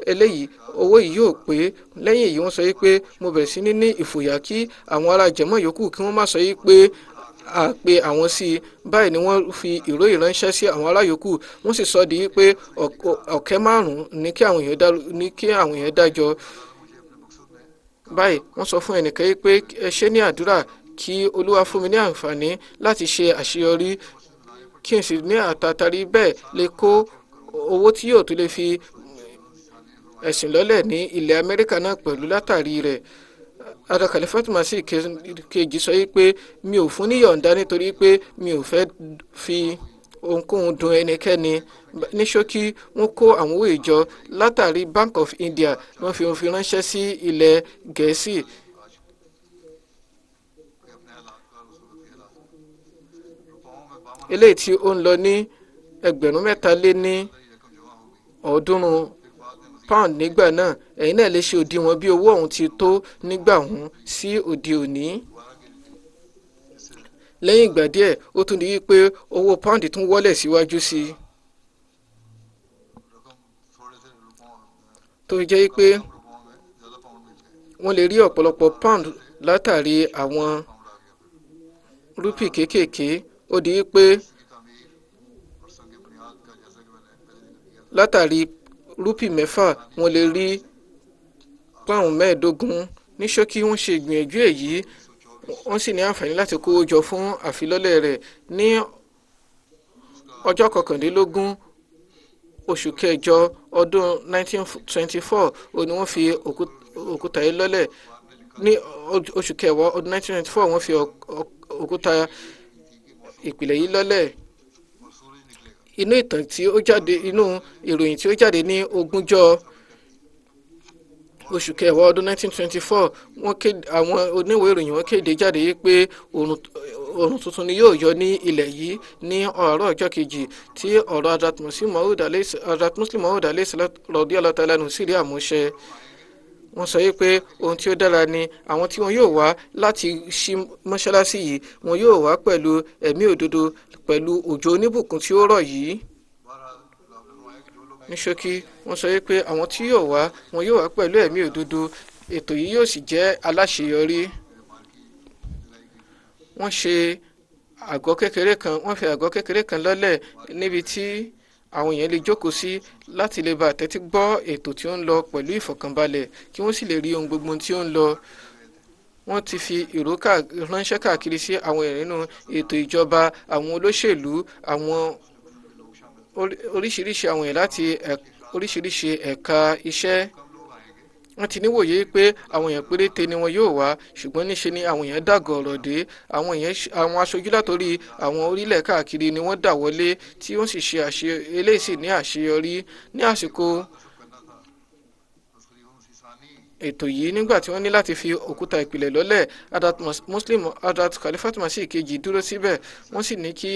eléyìí owó yìí yóò pé lẹ́yìn èyí wọ́n sọ pé mo bẹ̀rẹ̀ sí ní ní ìfòyà kí àwọn ará jẹ̀mọ́ yòókù kí wọ́n má sọ pé a pe àwọn sí i báyìí ni wọ́n fi ìró ìránṣẹ́ sí àwọn ará yòókù wọ́n sì sọ di pé ọ̀kẹ́ márùn-ún ni kí àwọn èèyàn dájọ́ báyìí wọ́n sọ fún ẹnìkan pé ẹ ṣe ní àdúrà kí olúwa fún mi ní àǹfààní láti ṣe àṣeyọrí kí n sì ní àtàtàrí bẹ́ẹ̀ lè kó owó tí yóò tún lè fi ẹ̀sìn lọ́lẹ̀ ní ilẹ̀ amẹ́ríkà náà pẹ̀lú látàrí rẹ̀ ara Khalifat Masih kejì sọ pé mi ò fún níyọ̀ǹda nítorí pé mi ò fẹ́ fi ohunkóhun dùn ẹnikẹ́ni ní ṣókí wọ́n kó àwọn owó ìjọ látàrí Bank of India wọ́n fi òfin ránṣẹ́ sí ilẹ̀ gẹ̀ẹ́sì eléyìí tí ó ń lọ ní ẹgbẹ̀rún mẹ́ta lé ní ọ̀ọ́dúnrún pound nígbà náà ẹ̀yin náà lè ṣe òdiwọ̀n bí owó ọ̀hún ti tó nígbà ọ̀hún sí òde òní lẹ́yìn ìgbà díẹ̀ ó tún di wípé owó pound tún wọlẹ̀ síwájú sí i tó jẹ́ wípé wọ́n lè rí ọ̀pọ̀lọpọ̀ pound látàrí àwọn rúpì kéékèèké ó di wípé látàrí rúpì mẹ́fà wọ́n lè rí páùn mẹ́ẹ̀ẹ́dógún ní ṣókí wọ́n ṣe ìgbìyànjú èyí wọ́n sì ní àǹfààní láti kówó jọ fún àfilọ́lẹ̀ rẹ̀ ní ọjọ́ kọkàndínlógún oṣù kẹjọ ọdún 1924 ni wọ́n fi òkúta yìí lọ́lẹ̀ ní oṣù kẹwàá ọdún 1924 wọ́n fi òkúta ìpìlẹ̀ yìí lọ́lẹ̀ inú ìtàn tí ó jáde inú ìròyìn tí ó jáde ní ogúnjọ́ oṣù kẹwàá ọdún 1924 wọ́n kéde àwọn oníwèé ìròyìn wọ́n kéde jáde pé oòrùn tuntun ni yóò yọ ní ilẹ̀ yìí ní ọ̀rọ̀ ọjọ́ kejì tí ọ̀rọ̀ Hazrat Muslim Maud alayhi salatu rọ̀dí alátàlánù sí rí wọ́n sọ wípé ohun tí ó dára ni àwọn tí wọn yóò wá láti ṣí mọ́ṣáláṣí yìí wọn yóò wá pẹ̀lú ẹ̀mí òdodo pẹ̀lú òjò oníbùkún tí ó rọ̀ yìí ní ṣókí wọ́n sọ wípé àwọn tí yóò wá wọn yóò wá pẹ̀lú ẹ̀mí òdodo ètò yìí yóò sì jẹ́ aláṣeyọrí wọ́n ṣe àgọ́ kékeré kan wọ́n fi àgọ́ kékeré kan lọ́lẹ̀ níbi tí àwọn èèyàn lè jókòó sí láti lè bá tẹ́tí gbọ́ ètò tí ó ń lọ pẹ̀lú ìfọ̀kànbalẹ̀ kí wọ́n sì lè rí ohun gbogbo tí ó ń lọ wọ́n ti fi ìró ránṣẹ́ káàkiri sí àwọn èèyàn nínú ètò ìjọba àwọn olóṣèlú àwọn oríṣiríṣi àwọn èèyàn láti oríṣiríṣi ẹ̀ka iṣẹ́ wọ́n ti níwòye pé àwọn èèyàn péréte ni wọn yóò wá ṣùgbọ́n níṣe ni àwọn èèyàn dàgọ̀ ọ̀rọ̀ dé àwọn èèyàn àwọn aṣojú látòrí àwọn orílẹ̀ káàkiri ni wọ́n dà wọlé tí wọ́n sì ṣe àṣe eléyìí sì ní àṣeyọrí ní àsìkò ètò yìí nígbà tí wọ́n ní láti fi òkúta ìpìlẹ̀ lọ́lẹ̀ adat muslim adat khalifat masih kejì dúró síbẹ̀ wọ́n sì ní kí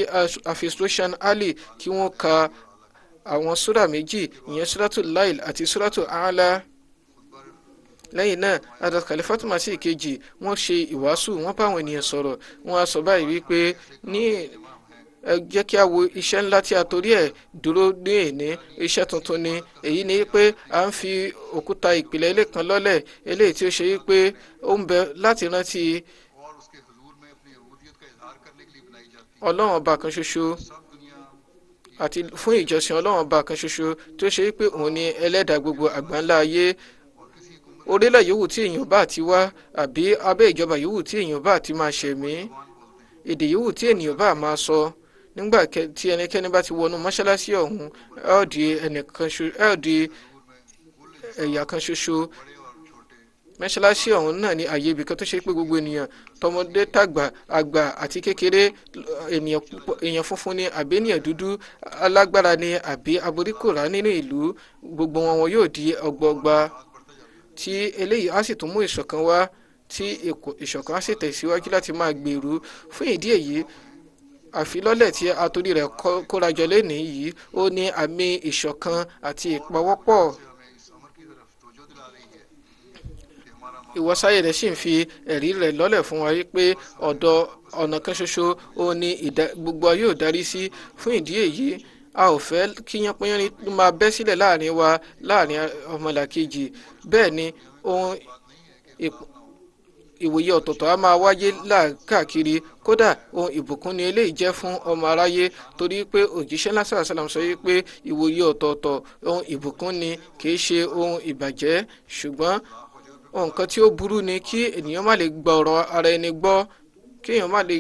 afisroshan ali kí wọ́n ka àwọn sura méjì ìyẹn suratul lail àti suratul ala lẹ́yìn náà adat Khalifatu Masih kejì wọ́n ṣe ìwàásù wọ́n bá àwọn ènìyàn sọ̀rọ̀ wọ́n á sọ báyìí wípé ní ẹ jẹ́ kí a wo iṣẹ́ ńlá tí a torí ẹ̀ dúró ní èní iṣẹ́ tuntun ni èyí ni pé a ń fi òkúta ìpìlẹ̀ ilé kan lọ́lẹ̀ eléyìí tí ó ṣe wípé ó ń bẹ láti rántí ọlọ́run ọba kan ṣoṣo àti fún ìjọsìn ọlọ́run ọba kan ṣoṣo tó ṣe wípé òun ni ẹlẹ́dàá gbogbo àgbáńlá ayé orílẹ̀ yòówù tí èèyàn bá ti wá àbí abẹ́ ìjọba yòówù tí èèyàn bá ti máa ṣẹ̀mí èdè yòówù tí ènìyàn bá máa sọ nígbà tí ẹnikẹ́ni bá ti wọnú mọ́ṣáláṣí ọ̀hún ẹ́ọ̀dì ẹ̀yà kan ṣoṣo mọ́ṣáláṣí ọ̀hún náà ni àyè ibìkan tó ṣe pé gbogbo ènìyàn tọmọdé tàgbà àgbà àti kékeré èèyàn funfun ni àbí ènìyàn dúdú alágbára ni àbí aboríkòrá nínú ìlú gbogbo wọn wọn yóò di ọgbọọgba tí eléyìí á sì tún mú ìṣọ̀kan wá tí ìṣọ̀kan á sì tẹ̀síwájú láti máa gbèrú fún ìdí èyí àfilọ́lẹ̀ tí atorí rẹ̀ kórajọ lẹ́nìí yìí ó ní àmì ìṣọ̀kan àti ìpawọ́pọ̀ ìwọ́sáyé rẹ̀ sì ń fi ẹ̀rí rẹ̀ lọ́lẹ̀ fún wa wípé ọ̀dọ̀ ọ̀nà kan ṣoṣo ó ní gbogbo ayé ò darí sí fún ìdí èyí a ò fẹ́ kí yánpọnyán ló máa bẹ́ sílẹ̀ láàrin wa láàrin ọmọlàkejì bẹ́ẹ̀ ni ohun ìwòye ọ̀tọ̀ọ̀tọ̀ a máa wáyé láàkàkiri kódà ohun ìbùkún ni eléyìí jẹ́ fún ọmọ aráyé torí pé òjíṣẹ́ lásán àṣàlám sọ wípé ìwòye ọ̀tọ̀ọ̀tọ̀ ohun ìbùkún ni kìí ṣe ohun ìbàjẹ́ ṣùgbọ́n nǹkan tí ó burú ni kí ènìyàn má lè gba ọ̀rọ̀ ara ẹni gbọ́ kéèyàn má lè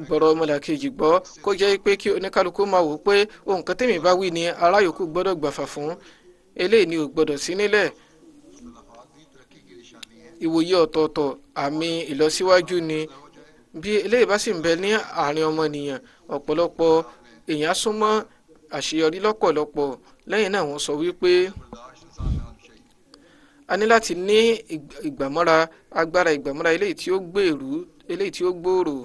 gbọ́rọ̀ ọmọlàkejì gbọ́ kó jẹ́ pé kí oníkálukú máa wò pé ohun kan tèmi bá wí ni aráyòkú gbọ́dọ̀ gbàfà fún eléyìí ni ò gbọ́dọ̀ sí nílẹ̀ ìwòye ọ̀tọ̀ọ̀tọ̀ àmì ìlọsíwájú ni bí eléyìí bá sì ń bẹ ní àárín ọmọnìyàn ọ̀pọ̀lọpọ̀ èèyàn súnmọ́ àṣeyọrí lọ́pọ̀lọpọ̀ lẹ́yìn náà wọ́n sọ wípé a ní láti ní ìgbàmọ́ra agbára ìgbàmọ́ra eléyìí tí ó gbèrú eléyìí tí ó gbòòrò.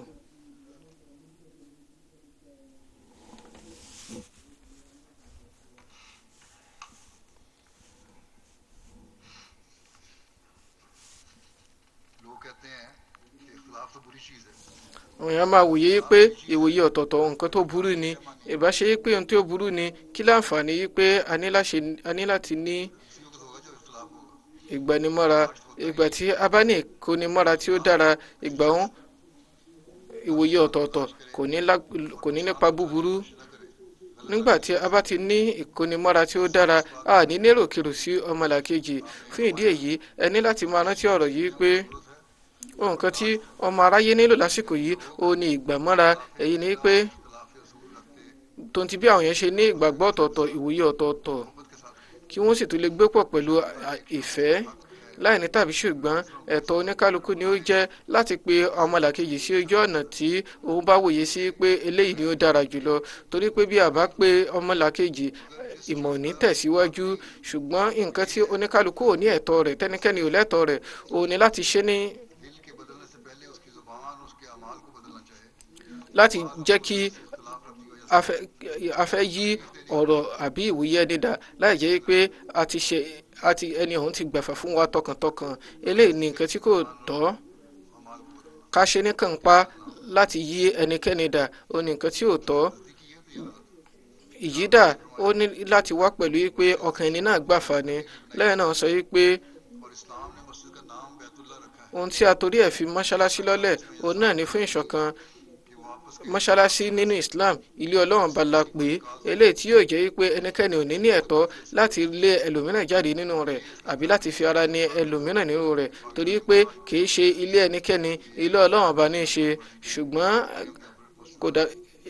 èèyàn máa wòye pé ìwòye ọ̀tọ̀ọ̀tọ̀ nǹkan tó burú ni ìbá ṣe pé ohun tí ó burú ni kí láǹfààní pé a ní láti ní ìgbanimọ́ra ìgbà tí a bá ní ìkónimọ́ra tí ó dára ìgbà ń ìwòye ọ̀tọ̀ọ̀tọ̀ kò ní nípa búburú nígbà tí a bá ti ní ìkónimọ́ra tí ó dára a ní lérò kèrò sí ọmọlàkejì fún ìdí èyí ẹ ní láti máa rántí ọ̀rọ̀ yìí pé nǹkan tí ọmọ aráyé nílò lásìkò yìí ó ní ìgbàmọ́ra èyí ni pé tonti bí àwọn yẹn ṣe ní ìgbàgbọ́ ọ̀tọ̀ọ̀tọ̀ ìwòye ọ̀tọ̀ọ̀tọ̀ kí wọ́n sì tún lè gbé pọ̀ pẹ̀lú ìfẹ́ láì ní tàbí ṣùgbọ́n ẹ̀tọ́ oníkálukú ni ó jẹ́ láti pe ọmọlàkejì sí ojú ọ̀nà tí òun bá wòye sí pé eléyìí ni ó dára jùlọ torí pé bí a bá pe ọmọlàkejì ìmọ̀ ní tẹ̀síwájú ṣùgbọ́n nǹkan tí oníkálukú ò ní ẹ̀tọ́ rẹ̀ tẹ́nikẹ́ni ò lẹ́tọ̀ọ́ rẹ̀ òun ni láti ṣe ní láti jẹ́ kí a fẹ́ yí ọ̀rọ̀ àbí ìwúyẹ́ dídá láì jẹ́ pé a ti ṣe àti ẹni ọ̀hún ti gbàfà fún wa tọkàntọkàn eléyìí ni nǹkan tí kò tọ́ ká ṣe ní kànpá láti yí ẹnikẹ́ni dà ó ní nǹkan tí ò tọ́ ìyídà ó ní láti wá pẹ̀lú pé ọkàn ẹni náà gbàfà ni lẹ́yìn náà sọ pé ohun tí a torí ẹ̀ fi mọ́ṣáláṣí lọ́lẹ̀ òun náà ní fún ìṣọ̀kan mọ́ṣáláṣí nínú Islam ilé ọlọ́run bá la pé eléyìí tí yóò jẹ́ pé ẹnikẹ́ni ò ní ní ẹ̀tọ́ láti lé ẹlòmíràn jáde nínú rẹ̀ àbí láti fi ara ní ẹlòmíràn nínú rẹ̀ torí pé kì ṣe ilé ẹnikẹ́ni ilé ọlọ́run bá ní ṣe ṣùgbọ́n kò dá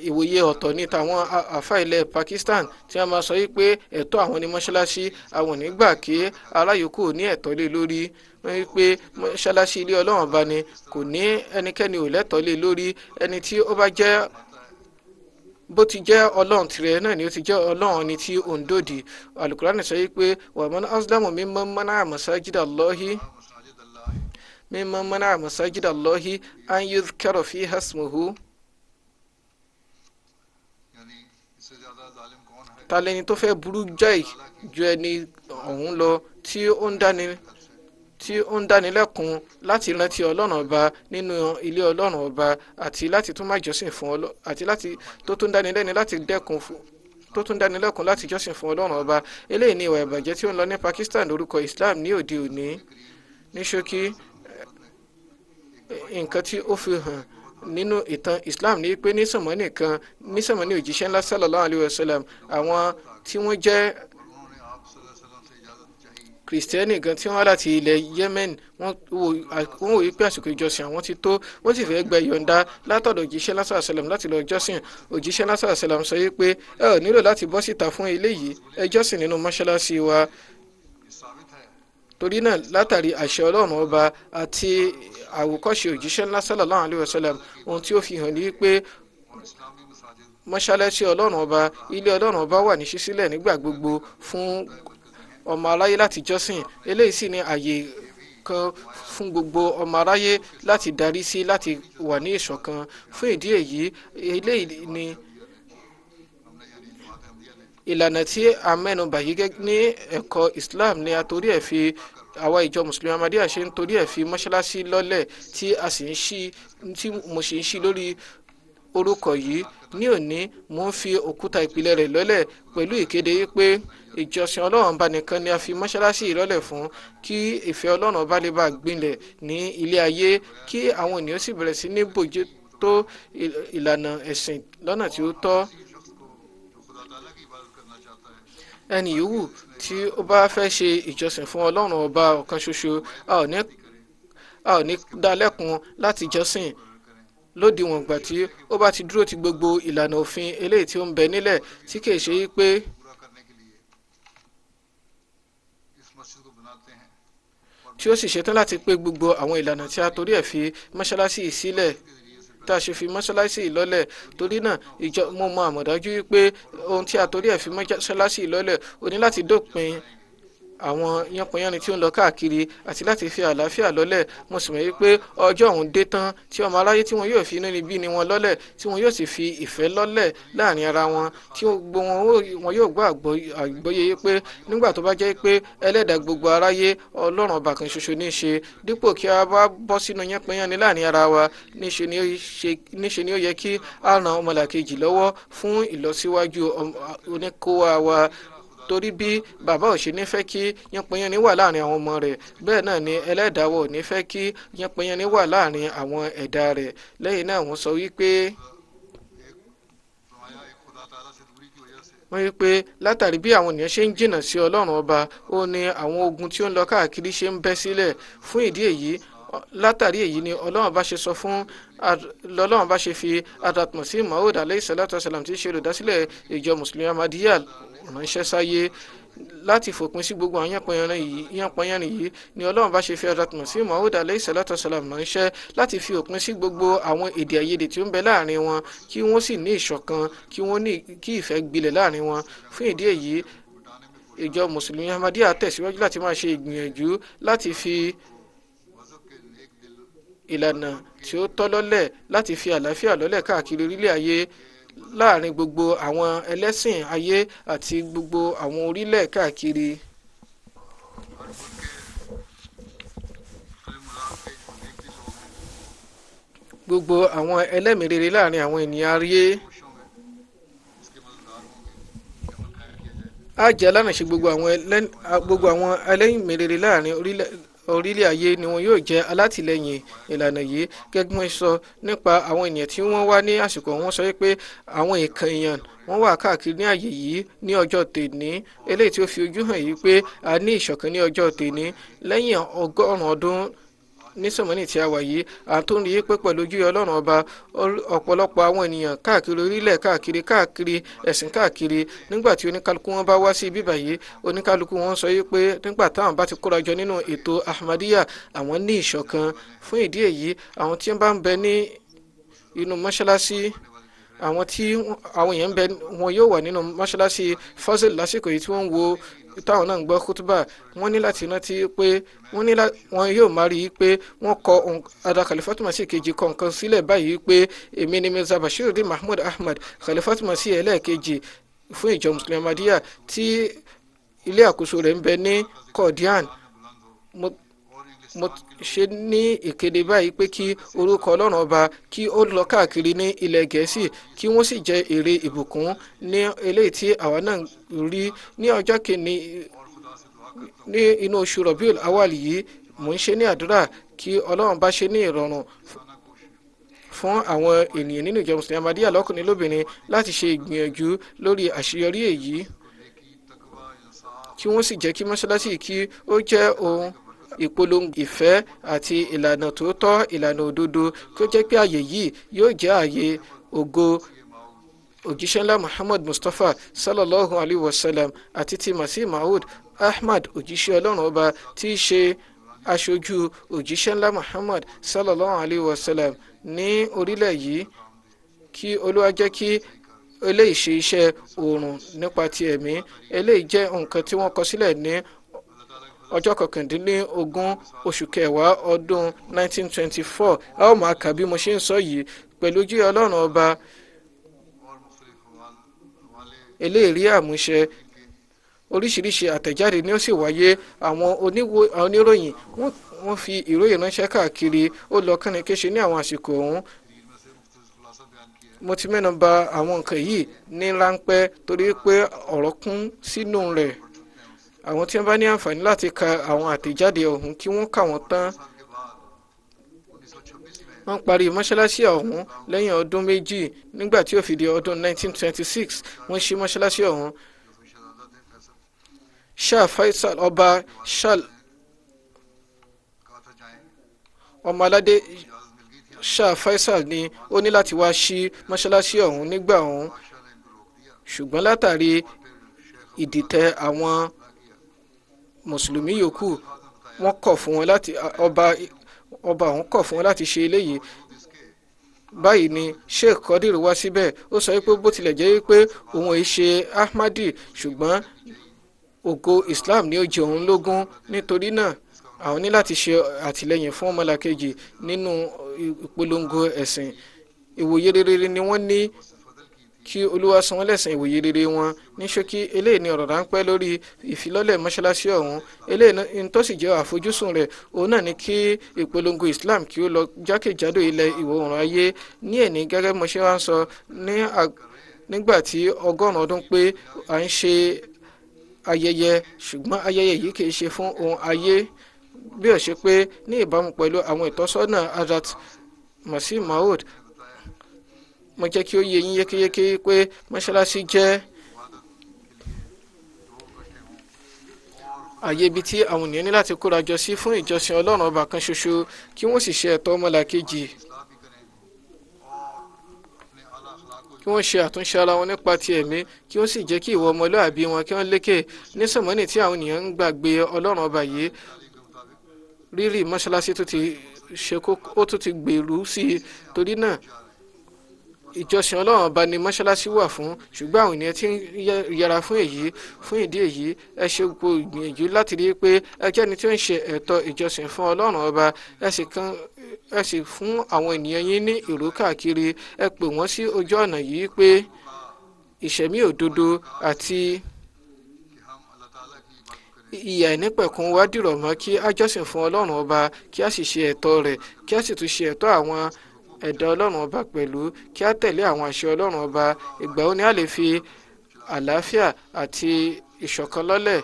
ìwòye ọ̀tọ̀ ní tàwọn àfa ilẹ̀ Pakistan tí wọ́n máa sọ wípé ẹ̀tọ́ àwọn ní mọ́ṣáláṣí àwọn nígbà kí aráyòkú ní ẹ̀tọ́ lé lórí wípé mọ́ṣáláṣí ilé ọlọ́run bá ní kò ní ẹnikẹ́ni ò lẹ́tọ̀ọ́ lé lórí ẹni tí ó bá jẹ́ bó ti jẹ́ ọlọ́run tirẹ̀ náà ni ó ti jẹ́ ọlọ́run ni tí òun dòdì alukurani sọ wípé wàmọ́n aslámù mímọ́ mọ́nà àmọ́sájídà lọ́hí mímọ́ mọ́nà àmọ́sájídà lọ́hí an yudhkara hasmuhu. ta lẹni tó fẹ́ burú jáì ju ẹni ọ̀hún lọ tí ó ń dáni tí ó ń dánilẹ́kun láti rántí ọlọ́run ọba nínú ilé ọlọ́run ọba àti láti tún máa jọ́sìn fún ọlọ́ àti láti tó tún dánilẹ́ni láti dẹ́kun fún tó tún dánilẹ́kun láti jọ́sìn fún ọlọ́run ọba eléyìí ni ìwà ìbàjẹ́ tí ó ń lọ ní Pakistan lórúkọ Islam ní òde òní ní ṣókí nǹkan tí ó fi hàn nínú ìtàn Islam ní pé ní sọ̀mọ́ nìkan ní sọ̀mọ́ ní òjíṣẹ́ ńlá sallallahu alaihi wasallam àwọn tí wọ́n jẹ́ Kristiani, gan tí wọ́n láti ilẹ̀ Yemen wọ́n wò wípé àsìkò ìjọsìn àwọn ti tó wọ́n sì fẹ́ẹ́ gba ìyọ̀ǹda látọ̀dọ̀ òjíṣẹ́ lásán àṣẹlẹ̀m láti lọ jọ́sìn òjíṣẹ́ lásán àṣẹlẹ̀m sọ wípé ẹ ò nílò láti bọ́ síta fún eléyìí ẹ jọ́sìn nínú mọ́ṣáláṣí wa torí náà látàrí àṣẹ ọlọ́run ọba àti àwòkọ́ṣe òjíṣẹ́ ńlá sallallahu alaihi wasallam ohun tí ó fi hàn ní pé mọ́ṣáláṣí ọlọ́run ọba ilé ọlọ́run ọba wà ní ṣíṣílẹ̀ nígbà gbogbo fún ọmọ aráyé láti jọ́sìn eléyìí sì ni àyè kan fún gbogbo ọmọ aráyé láti darí sí láti wà ní ìṣọ̀kan fún ìdí èyí eléyìí ni ìlànà tí a mẹ́nubà yìí ní ẹ̀kọ́ Islam ni a ẹ̀ fi àwa ìjọ mùsùlùmí amadíyà ṣe ń torí ẹ̀ fi mọ́ṣáláṣí lọ́lẹ̀ tí a sì ń ṣí ń ṣí lórí orúkọ yìí ní òní mò ń fi òkúta ìpìlẹ̀ rẹ̀ lọ́lẹ̀ pẹ̀lú ìkéde pé ìjọsìn ọlọ́run ọba nìkan ni a fi mọ́ṣáláṣí ìrọ́lẹ̀ fún kí ìfẹ́ ọlọ́run ọba lè bá gbinlẹ̀ ní ilé ayé kí àwọn ènìyàn sì bẹ̀rẹ̀ sí ní bòjútó ìlànà ẹ̀sìn lọ́nà tí ó tọ́ ẹni yòówù tí ó bá fẹ́ ṣe ìjọsìn fún ọlọ́run ọba ọ̀kan ṣoṣo a ò ní dá lẹ́kun láti jọ́sìn lódiwọ̀n ìgbà tí ó bá ti dúró ti gbogbo ìlànà òfin eléyìí tí ó ń bẹ nílẹ̀ tí kìí ṣe pé tí ó sì ṣetán láti pé gbogbo àwọn ìlànà tí a torí ẹ̀ fi mọ́ṣáláṣí sílẹ̀ tá a ṣe fi mọ́ṣáláṣí ìlọ́lẹ̀ torí náà ìjọ mo mọ àmọ̀dájú wípé ohun tí a torí ẹ̀ fi mọ́ṣáláṣí ìlọ́lẹ̀ o ní láti dópin àwọn yánpọnyánni tí ó ń lọ káàkiri àti láti fi àlàáfíà lọ́lẹ̀ mo sì mọ̀ wípé ọjọ́ ọ̀hún dé tán tí ọmọ aráyé tí wọn yóò fi inú níbí ni wọn lọ́lẹ̀ tí wọn yóò sì fi ìfẹ́ lọ́lẹ̀ láàrin ara wọn tí gbogbo wọn yóò gbọ́ àgbọ́yé pé nígbà tó bá jẹ́ pé ẹlẹ́dàá gbogbo aráyé ọlọ́run ọba kan ṣoṣo ní í ṣe dípò kí a bá bọ́ sínú yánpọnyánni láàrin ara wa níṣe ni ó yẹ kí a ràn ọmọlàkejì lọ́wọ́ fún ìlọsíwájú oníkówá wa torí bí bàbá ò ṣe ní fẹ́ kí yánpẹyánni wà láàrin àwọn ọmọ rẹ̀ bẹ́ẹ̀ náà ni ẹlẹ́dàáwọ̀ ò ní fẹ́ kí yánpẹyánni wà láàrin àwọn ẹ̀dá rẹ̀ lẹ́yìn náà wọ́n sọ wípé. wọ́n rí pé látàrí bí àwọn ènìyàn ṣe ń jìnnà sí ọlọ́run ọba ó ní àwọn ogun tí ó ń lọ káàkiri ṣe ń bẹ́ sílẹ̀ fún ìdí èyí látàrí èyí ni ọlọ́run bá ṣe sọ fún lọ́lọ́run bá ṣe fi adatmọ̀sí maud alayhi salatu wasalam tí í ṣe olùdásílẹ̀ ìjọ mùsùlùmí amadiya ránṣẹ́ sáyé láti fòpin sí gbogbo àwọn yánpọnyánrin yìí ni ọlọ́run bá ṣe fi ọ̀dàtùmọ̀ sí mahud alayhi salatu salam ránṣẹ́ láti fi òpin sí gbogbo àwọn èdè àìyedè tí ó ń bẹ láàrin wọn kí wọ́n sì ní ìṣọ̀kan kí wọ́n ní kí ìfẹ́ gbilẹ̀ láàrin wọn fún ìdí èyí ìjọ mùsùlùmí ahmadiyya tẹ̀síwájú láti máa ṣe ìgbìyànjú láti fi ìlànà tí ó tọ́ lọ́lẹ̀ láti fi àlàáfíà lọ́lẹ̀ káàkiri orílẹ̀ ayé láàrin gbogbo àwọn ẹlẹ́sìn ayé àti gbogbo àwọn orílẹ̀ káàkiri. gbogbo àwọn ẹlẹ́mìí rere láàrin àwọn ènìyàn ayé á jẹ́ alánàṣe gbogbo àwọn ẹlẹ́mìí rere láàrin orílẹ̀ ayé ni wọn yóò jẹ́ alátìlẹ́yìn ìlànà yìí gẹ́gbọ́n sọ nípa àwọn ènìyàn tí wọ́n wá ní àsìkò wọn sọ pé àwọn èèkàn èèyàn wọ́n wà káàkiri ní àyè yìí ní ọjọ́ tèní eléyìí tí ó fi ojú hàn yìí pé a ní ìṣọ̀kan ní ọjọ́ tèní lẹ́yìn ọgọ́rùn-ún ọdún nísọmọ́nì tí a wà yìí à ń tó ń rí i pé pẹ̀lú ojú ọlọ́run ọba ọ̀pọ̀lọpọ̀ àwọn ènìyàn káàkiri orílẹ̀ káàkiri káàkiri ẹ̀sìn káàkiri nígbà tí oníkálukú wọn bá wá sí ibi báyìí oníkálukú wọn sọ yìí pé nígbà táwọn bá ti kóra jọ nínú ètò Ahmadiyya àwọn ní ìṣọ̀kan fún ìdí èyí àwọn tí wọ́n bá ń bẹ ní inú mọ́ṣáláṣí àwọn tí àwọn èèyàn bẹ wọn yóò wà nínú mọ́ṣáláṣí fọ́sẹ̀ lásìkò yìí tí wọ́n ń wo táwọn náà ń gbọ́ kútúbà wọ́n ní láti rántí pé wọ́n ní wọn yóò máa rí i pé wọ́n kọ ada Khalifatu Masih kejì kọ nǹkan sílẹ̀ báyìí pé èmi ni Mirza Bashiruddin Mahmud Ahmad Khalifatu Masih ẹlẹ́ẹ̀kejì fún ìjọ Muslim Ahmadiyya tí ilé àkóso rẹ̀ ń bẹ ní Qadian mo ṣe ní ìkéde báyìí pé kí orúkọ ọlọ́run ọba kí ó lọ káàkiri ní ilẹ̀ gẹ̀ẹ́sì kí wọ́n sì jẹ èrè ìbùkún ní eléyìí tí àwa náà rí ní ọjọ́ kìíní ní inú oṣù rọ̀bíl awàlì yìí mò ń ṣe ní àdúrà kí ọlọ́run bá ṣe ní ìrọ̀rùn fún àwọn ènìyàn nínú ìjọ mùsùlùmí amadíyà lọ́kùnrin lóbìnrin láti ṣe ìgbìyànjú lórí àṣeyọrí èyí kí wọ́n sì jẹ́ kí mọ́ṣáláṣí kí ó jẹ́ ohun ìpolongo ìfẹ́ àti ìlànà tòótọ́ ìlànà òdodo kí ó jẹ́ pé ààyè yìí yóò jẹ́ ààyè ògo òjíṣẹ́ ńlá muhammad mustapha sallallahu alayhi wa sallam àti ti masih maud ahmad òjíṣẹ́ ọlọ́run ọba tí í ṣe aṣojú òjíṣẹ́ ńlá muhammad sallallahu alayhi wa sallam ní orílẹ̀ yìí kí olúwa jẹ́ kí eléyìí ṣe iṣẹ́ oòrùn nípa ti ẹ̀mí eléyìí jẹ́ nǹkan tí wọ́n kọ sílẹ̀ ní ọjọ́ kọkàndínlógún oṣù kẹwàá ọdún 1924 a ó máa kà bí mo ṣe ń sọ yìí pẹ̀lú ojú ọlọ́run ọba eléèrí àmúṣe oríṣiríṣi àtẹ̀jáde ni ó sì wáyé àwọn oníròyìn wọ́n fi ìròyìn ránṣẹ́ káàkiri ó lọ kánnikéṣe ní àwọn àsìkò ọ̀hún mo ti mẹ́nu bà àwọn nǹkan yìí ní ráńpẹ́ torí pé ọ̀rọ̀ kún sínú rẹ̀ àwọn tí wọ́n bá ní àǹfààní láti ka àwọn àtẹ̀jáde ọ̀hún kí wọ́n kà wọ́n tán wọ́n parí mọ́ṣáláṣí ọ̀hún lẹ́yìn ọdún méjì nígbà tí ó ọdún 1926 wọ́n ṣí mọ́ṣáláṣí ọ̀hún Shah Faisal ọba shal ọmọládé Shah Faisal ni ó ní láti wá ṣí mọ́ṣáláṣí ọ̀hún nígbà ọ̀hún ṣùgbọ́n látàrí ìdìtẹ̀ àwọn mùsùlùmí yòókù wọ́n kọ̀ fún wọn láti ọba ọba àwọn kọ̀ fún wọn láti ṣe eléyìí báyìí ni sheikh qadir wá síbẹ̀ ó sọ pé bó tilẹ̀ jẹ́ pé òun ì ṣe ahmadi ṣùgbọ́n ògo islam ni ó jẹ òun lógún nítorí náà àwọn ní láti ṣe àtìlẹyìn fún ọmọlàkejì nínú ìpolongo ẹ̀sìn ìwòye rere ni wọ́n ní kí olúwa san wọ́n ìwòye rere wọn ní ṣókí eléyìí ni ọ̀rọ̀ ráńpẹ́ lórí ìfilọ́lẹ̀ mọ́ṣáláṣí ọ̀hún eléyìí tó sì jẹ́ àfojúsùn rẹ̀ òun náà ni kí ìpolongo Islam kí ó lọ jákèjádò ilẹ̀ ìwọ̀ oòrùn ayé ní ẹ̀ní gẹ́gẹ́ mọ́ṣẹ́ wa ń sọ nígbà tí ọgọ́rùn-ún ọdún pé à ń ṣe ayẹyẹ ṣùgbọ́n ayẹyẹ yìí kì í ṣe fún ohun ayé bí ó ṣe pé ní ìbámu pẹ̀lú àwọn ìtọ́sọ́nà Hazrat Masih Maud mo jẹ́ kí ó yé yín yékéyéké pé mọ́ṣáláṣí jẹ́ àyè ibi tí àwọn ènìyàn ní láti kóra jọ sí fún ìjọsìn ọlọ́run ọba kan ṣoṣo kí wọ́n sì ṣe ẹ̀tọ́ ọmọlàkejì kí wọ́n ṣe àtúnṣe ara wọn nípa ti ẹ̀mí kí wọ́n sì jẹ́ kí ìwọ ọmọlúàbí wọn kí wọ́n lékè ní sọ̀mọ́nì tí àwọn ènìyàn ń gbàgbé ọlọ́run ọba yìí rírì mọ́ṣáláṣí tó ti ṣe kó ó tún ti gbèrú sí i torí náà ìjọsìn ọlọ́run ọba ni mọ́ṣáláṣí wà fún ṣùgbọ́n àwọn ènìyàn ti ń yẹra fún èyí fún ìdí èyí ẹ ṣe gbogbo ìgbìyànjú láti rí i pé ẹ jẹ́ni tí ó ń ṣe ẹ̀tọ́ ìjọsìn fún ọlọ́run ọba ẹ sì kan ẹ sì fún àwọn ènìyàn yín ní ìró káàkiri ẹ pè wọ́n sí ojú ọ̀nà yìí pé ìṣẹ̀mí òdodo àti ìyà ìnípẹ̀kun wa dìrọ̀ mọ́ kí a fún ọlọ́run ọba kí a sì ṣe ẹ̀tọ́ rẹ̀ kí a sì tún ṣe ẹ̀tọ́ àwọn ẹ̀dá ọlọ́run ọba pẹ̀lú kí a tẹ̀lé àwọn àṣẹ ọlọ́run ọba ìgbà ó ní a lè fi àlàáfíà àti ìṣọ̀kan lọ́lẹ̀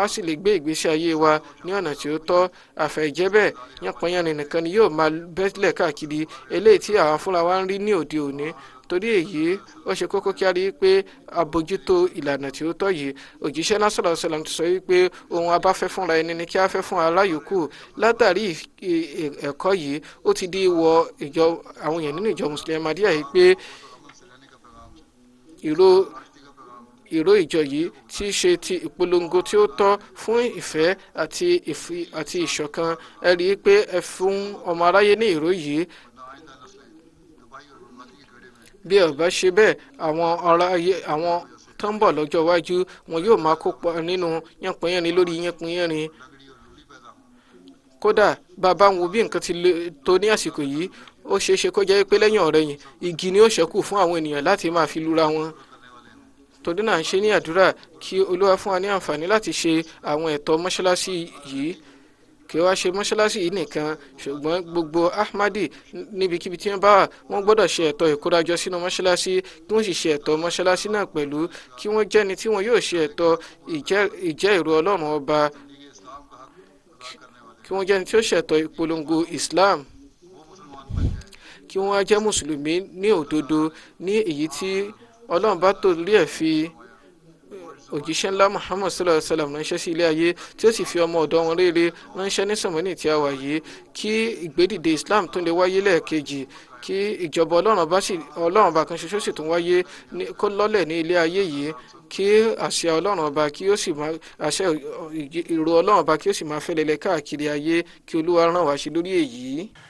a sì lè gbé ìgbésí ayé wa ní ọ̀nà tí ó tọ́ àfẹ̀jẹ́ bẹ́ẹ̀ nìkan ni yóò máa bẹ́lẹ̀ káàkiri eléyìí tí àwọn fúnra wa ń rí ní òde òní torí èyí ó ṣe kókó kí a rí i pé àbójútó ìlànà tí ó tọ́ yìí òjíṣẹ́ lásìlọ́ sọlọ́m ti sọ wípé ohun abáfẹ́ fúnra ẹni ni kí a fẹ́ fún aláyòókù látàrí ẹ̀kọ́ yìí ó ti di ìwọ ìjọ àwọn èèyàn nínú ìjọ mùsùlùmí Ahmadiyya yìí pé ìró ìró ìjọ yìí tí í ṣe ti ìpolongo tí ó tọ́ fún ìfẹ́ àti ìṣọ̀kan ẹ rí i pé ẹ fún ọmọ aráyé ní ìró yìí bí ẹ bá ṣe bẹ́ẹ̀ àwọn ará ayé àwọn tó ń bọ̀ lọ́jọ́ iwájú wọn yóò máa kópa nínú yánpọnyánrin lórí yánpọnyánrin kódà bàbá ń wo bí nǹkan ti le tó ní àsìkò yìí ó ṣeé ṣe kó jẹ́ pé lẹ́yìn ọ̀rẹ́yìn igi ni ó ṣẹ́kù fún àwọn ènìyàn láti máa fi lura wọn torí ń ṣe ní àdúrà kí olúwa fún wa ní àǹfààní láti ṣe àwọn ẹ̀tọ́ mọ́ṣáláṣí yìí kì í wá ṣe mọ́ṣáláṣí yìí nìkan ṣùgbọ́n gbogbo ahmadi níbikíbi tí wọ́n bá wà wọ́n gbọ́dọ̀ ṣe ẹ̀tọ́ ìkórajọ sínú mọ́ṣáláṣí kí wọ́n sì ṣe ẹ̀tọ́ mọ́ṣáláṣí náà pẹ̀lú kí wọ́n jẹ́ni tí wọ́n yóò ṣe ẹ̀tọ́ ìjẹ́ ìró ọlọ́run ọba kí wọ́n jẹ́ni tí ó ṣẹ̀tọ́ ìpolongo Islam kí wọ́n á jẹ́ mùsùlùmí ní òdodo ní èyí tí ọlọ́run bá torí ẹ̀ fi òjíṣẹ́ ńlá muhammad sallallahu alayhi wa sallam ránṣẹ́ sí ilé ayé tí ó sì fi ọmọ ọ̀dọ́ wọn rere ránṣẹ́ ní sọ̀mọ́nì tí a wà yìí kí ìgbédìde islam tún lè wáyé lẹ́ẹ̀kejì kí ìjọba ọlọ́run ọba kan ṣoṣo sì tún wáyé kó lọ́lẹ̀ ní ilé ayé yìí kí àṣẹ ọlọ́run ọba kí ó sì máa àṣẹ ìró ọlọ́run ọba kí ó sì máa fẹ́lẹ́lẹ́ káàkiri ayé kí olúwa ràn wá sí lórí èyí.